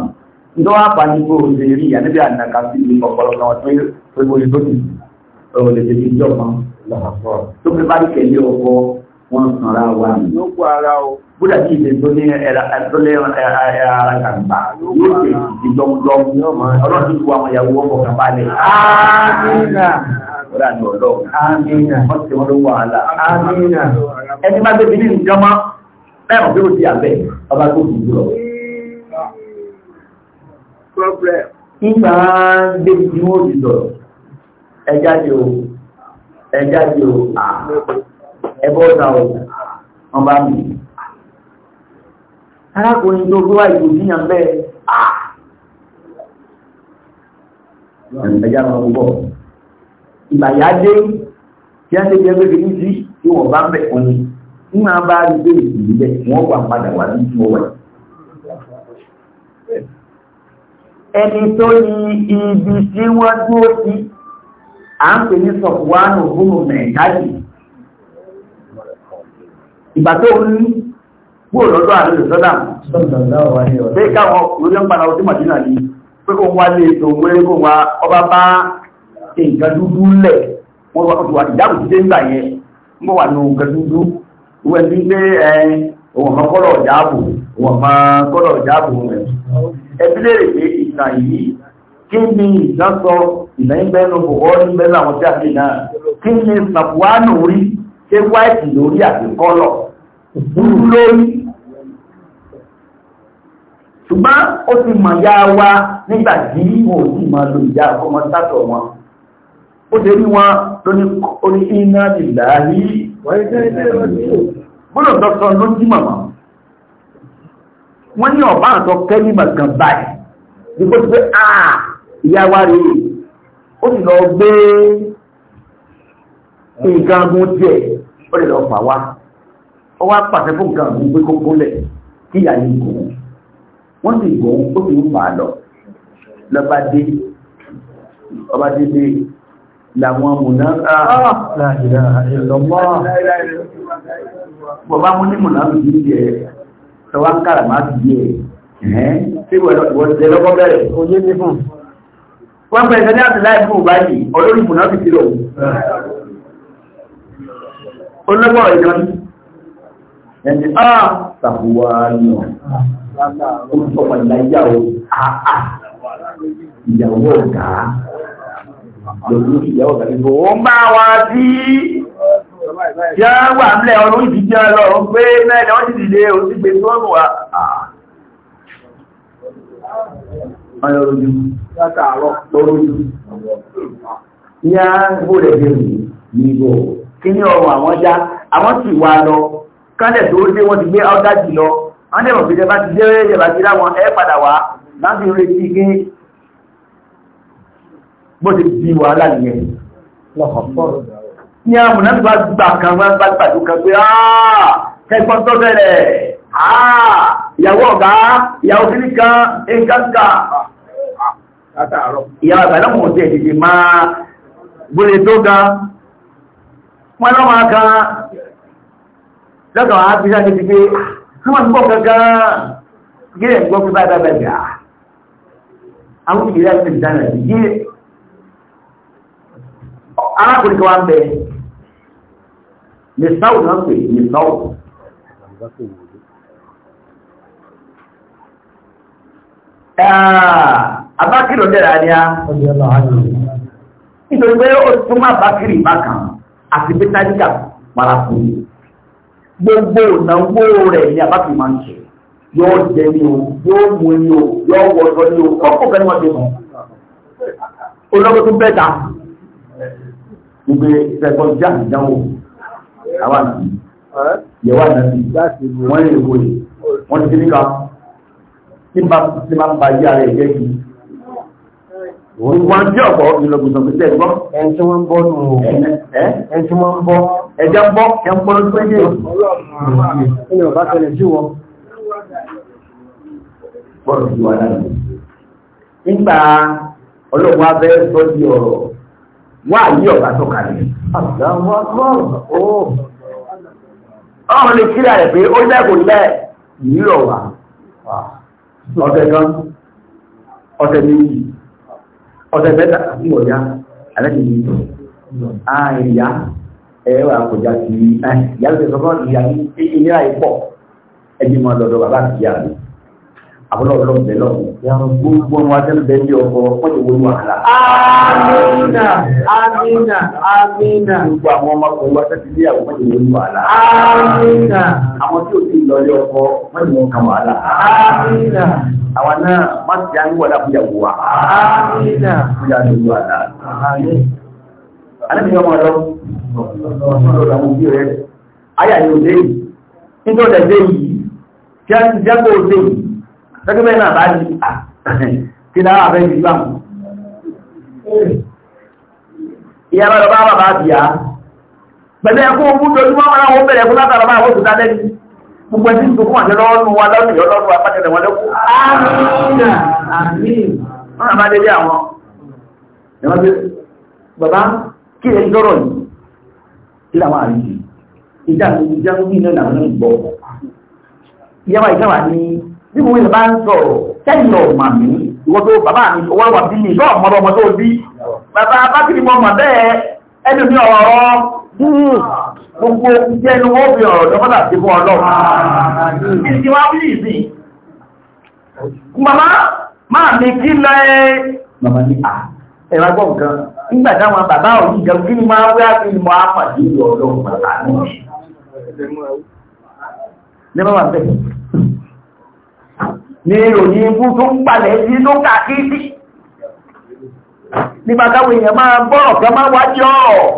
ndo apa ni ko sendiri ya nabi anda kasih ni kalau kawan tu tu boleh tu oh le jadi job mah lah apa tu pribadi ke dia ko wọn sanra wa ni ó kó ara o bódà tí ìṣe tó ní ẹ̀rà ẹ̀tọ́lẹ̀ ara kàgbà yóò ṣe ìdọ́mdọ́m ọlọ́run ti wo àwọn ìyàwó ọkọ̀ kan balẹ̀. amina ọ̀rọ̀ àná wà á la problem. Nígbà dé tí wọ́n ti lọ, ẹ jáde o, ẹ jáde o, ẹ bọ́ ọ̀tà o, wọ́n bá mi. Arákùnrin tó gbọ́ àìkú sí yàn bẹ́ẹ̀, ẹjá máa ń bọ̀. dé, tí a ṣe jẹ́ pé kìí sí, tí wọ́n bá ń bẹ̀ fún ni. Nígbà bá rí pé ìsìn bẹ̀, wọ́n wà padà wà ní ìwọ̀wẹ̀. ẹni tó ní ibi tí wọ́n dúró sí a ń pè ní sọ̀fúwánù búrú mẹ̀ẹ́dájì ìgbà tó ń gbò lọ́dọ̀ àrílẹ̀ sọ́dà pé káwọn orí ń padà màdínà ní pé kó wá lè tó wé kó wá ọba bá nǹkan dúdú lẹ̀ wọ́n wá wà yẹn wà ní nǹkan dúdú wọ́n ti ń gbé ẹ̀ kọ́lọ̀ kọ́lọ̀ rẹ̀ ẹbílẹ̀rẹ̀ pé ìtàn yìí kí ni ìdánsọ ìlẹ́gbẹ́nu bọ̀wọ́ nígbẹ́nu àwọn tí a lè náà kí ni sàbúwánù rí ṣé wáìtì lórí àti kọ́lọ̀ dúró lórí ṣùgbọ́n ó ti mọ̀ yá wa nígbà tí wọn ò sì máa lo ìyá ọmọ sátọ̀ wọn ó ṣe rí wọn lóní orí iná ìlàáyí bọ́lọ̀ tọ́tọ́ ló jí màmá wọ́n ní ọ̀bá àtọ́ kẹ́límà gan báyìí nígbó ti pé àà ìyá wa rè é ó sì lọ gbé nǹkan gun díẹ̀ ó lè lọ fà wá ó wá pàṣẹ fún nǹkan gun pé kókó lẹ̀ kí ìyá yìí gùn wọ́n sì gùn ó sì ń fà á lọ lọ́ba dé ọba dé dé làwọn mùnáà láìláìlọ́mọ́ bọ̀bá mú ní mùnáà yìí jẹ́ tọwá ń kàrà máa ti di e. ẹ̀ tí ìwọ̀sẹ̀ lọ́kọ́ bẹ̀rẹ̀ ojú ní fún wọ́n pẹ̀lú sẹ́ni àti láì fún ìbáyìí olórí ìbùnà fi sílò olóbọ̀ ìjọ ní ẹni á tàbùwà nù ó sọ pàdé ìyàwó àà ìyàwó ọ̀gá lòdì ìyàwó ọ̀gá ìbò ó ń bá wa sí tí a wà nílẹ̀ ọdún ìdíjẹ́ ọlọ́run pé mẹ́rin wọ́n ti dìde òsì gbé tó ọmọ wa ah. ọlọ́rọ̀dú látàárọ̀ lọ́rọ̀dú ní a gbò rẹ̀ bẹ̀rẹ̀ ní ibò kí ní ọrùn àwọn já àwọn sì wà lọ kánlẹ̀ tó dé wọ́n ti gbé ọ́dá jù lọ wọ́n dẹ̀ mọ̀ pé tẹ́bá ti dé ẹ̀yẹ̀bá ti láwọn ẹ padà wá láti retí gé bó ti di wàhálà nìyẹn lọ́kọ̀ọ́kọ́ ní àmùná ti bá gbà kan wọ́n bá gbàjú kan pé àà ah, kẹgbọ́n tó bẹ̀rẹ̀ àà ah, ìyàwó ọ̀gá ìyàwó kìí kan ẹgbẹ́gbà ìyàwó àgbà lọ́mọ̀ òjò ìdìdì máa gbọ́lẹ̀ tó ga wọ́n lọ́mọ̀ aka lọ́kọ̀ àbíṣà ti ti pé ah, wọ́n gbọ́ arákùnrin kan wá ń bẹ nìsáwù náà pè nìsáwù abákìrì ọ̀dẹ́ra ni a nítorí pé ó tún má bákìrì bákan àti pétájíkà parakùn gbogbo ìnáwó rẹ̀ ni abákìrì máa ń ṣe yóò jẹ ní o yóò mú ní o yóò wọ̀ṣọ́ ní o kọ́kọ́ fẹ́ wọ́n ṣe mọ́ gbogbo ẹ̀kọ́ já ìdánwò àwọn àti yẹ̀wò àti wọ́n lè wò yìí wọ́n ti ní ká tí máa ti máa ba yí ara ẹ̀jẹ̀ kí. Wọ́n jẹ́ ọ̀pọ̀ ìlọ̀gùsàn pípẹ́ gbọ́. Ẹni wọ́n ń bọ́ nù ú. wọ́n ń bọ́. Ẹ̀jẹ̀ ń bọ́ ẹ̀ ń bọ́ wá yí ọ̀gá tó kalẹ̀. ọ̀hún lè kíra rẹ̀ pé ó lẹ́kùn lẹ́ yíyọ̀ wá ọ̀tẹ̀ kan ọ̀tẹ̀ méjì ọ̀tẹ̀ mẹ́ta ah, sí ọ̀yá alẹ́ni ní ìtọ̀ àìyá ẹ̀wà kọjá sí ìyá ló ti sọ fún ìyá ní ìyá ìpọ̀ ẹni mọ́ lọ́dọ̀ bàbá àti ìyá mi àbúlọ̀ọ̀lọ́ bẹ̀ lọ. Yàrá gbogbo wọn adẹ́nu bẹ̀ ní ọkọ̀ wọ́n ti wo wàhálà. Amina, Amina, Amina. Gbogbo àwọn ọmọkùnrin wa tẹ́tí ní àwọn wọ́n ti wo Amina. Àwọn tí ò ti lọ ilé ọkọ̀ wọ́n ti wọ́n kan Amina. Àwọn náà má ti á ń wọlé àbúyàwó wa. Amina. Bóyá ló wà náà. Alẹ́bí ọmọ lọ, Ayà yóò dé yìí, nítorí gẹ́gẹ́ bẹ́ẹ̀ náà bá ní kí dára bẹ́ẹ̀ ní ìgbà mú ìyá bá lọ bá bàbá bìyà pẹ̀lú ẹkún ogún dojúmọ́ wọn láwọn bẹ̀rẹ̀ ẹkún látara máa wọ́n tó dá lẹ́yìn gbogbo ẹni tó fún àjọ lọ́wọ́ nù wa lọ́nà ìyọ́ lọ́nà apájẹ̀lẹ̀ wọn lẹ́kún wọn àbá délé àwọn ẹ̀wọ́n bí bàbá kí ẹ̀ dọ́rọ̀ yìí kí làwọn àríyìn ìjà ìjà ń bí náà làwọn ń gbọ́ ìyá wa ìjà wà ní bí mo yẹ bá ń sọ̀rọ̀ sẹ́yìn ọ̀mà mi ìwọ́n tó bàbá mi owó wà bí mi ìlú ọ̀mọ́dọ́ ọmọ tó bí bàbá bákìrì mọ́ mà bẹ́ẹ̀ ẹni mi ọ̀rọ̀ gbogbo jẹ́ inú wọ́n fi ọ̀rọ̀ lọ́kọ́dà sí fún ọlọ́run kí ni wá wílì sí màmá máa mi kí lọ ẹ màmá ní à ẹ̀rọ agbọ́n kan nígbà táwọn bàbá òní gan kí ni máa wá kí ni mo á pàdé ìlú ọlọ́run bàbá náà lẹ́mọ̀ wà bẹ́ẹ̀ ní ìròyìn ibú tó ń palẹ̀ sí ló kàkiri nígbàtàwò èèyàn máa gbọ́rọ̀ kan máa wájọ́ ọ̀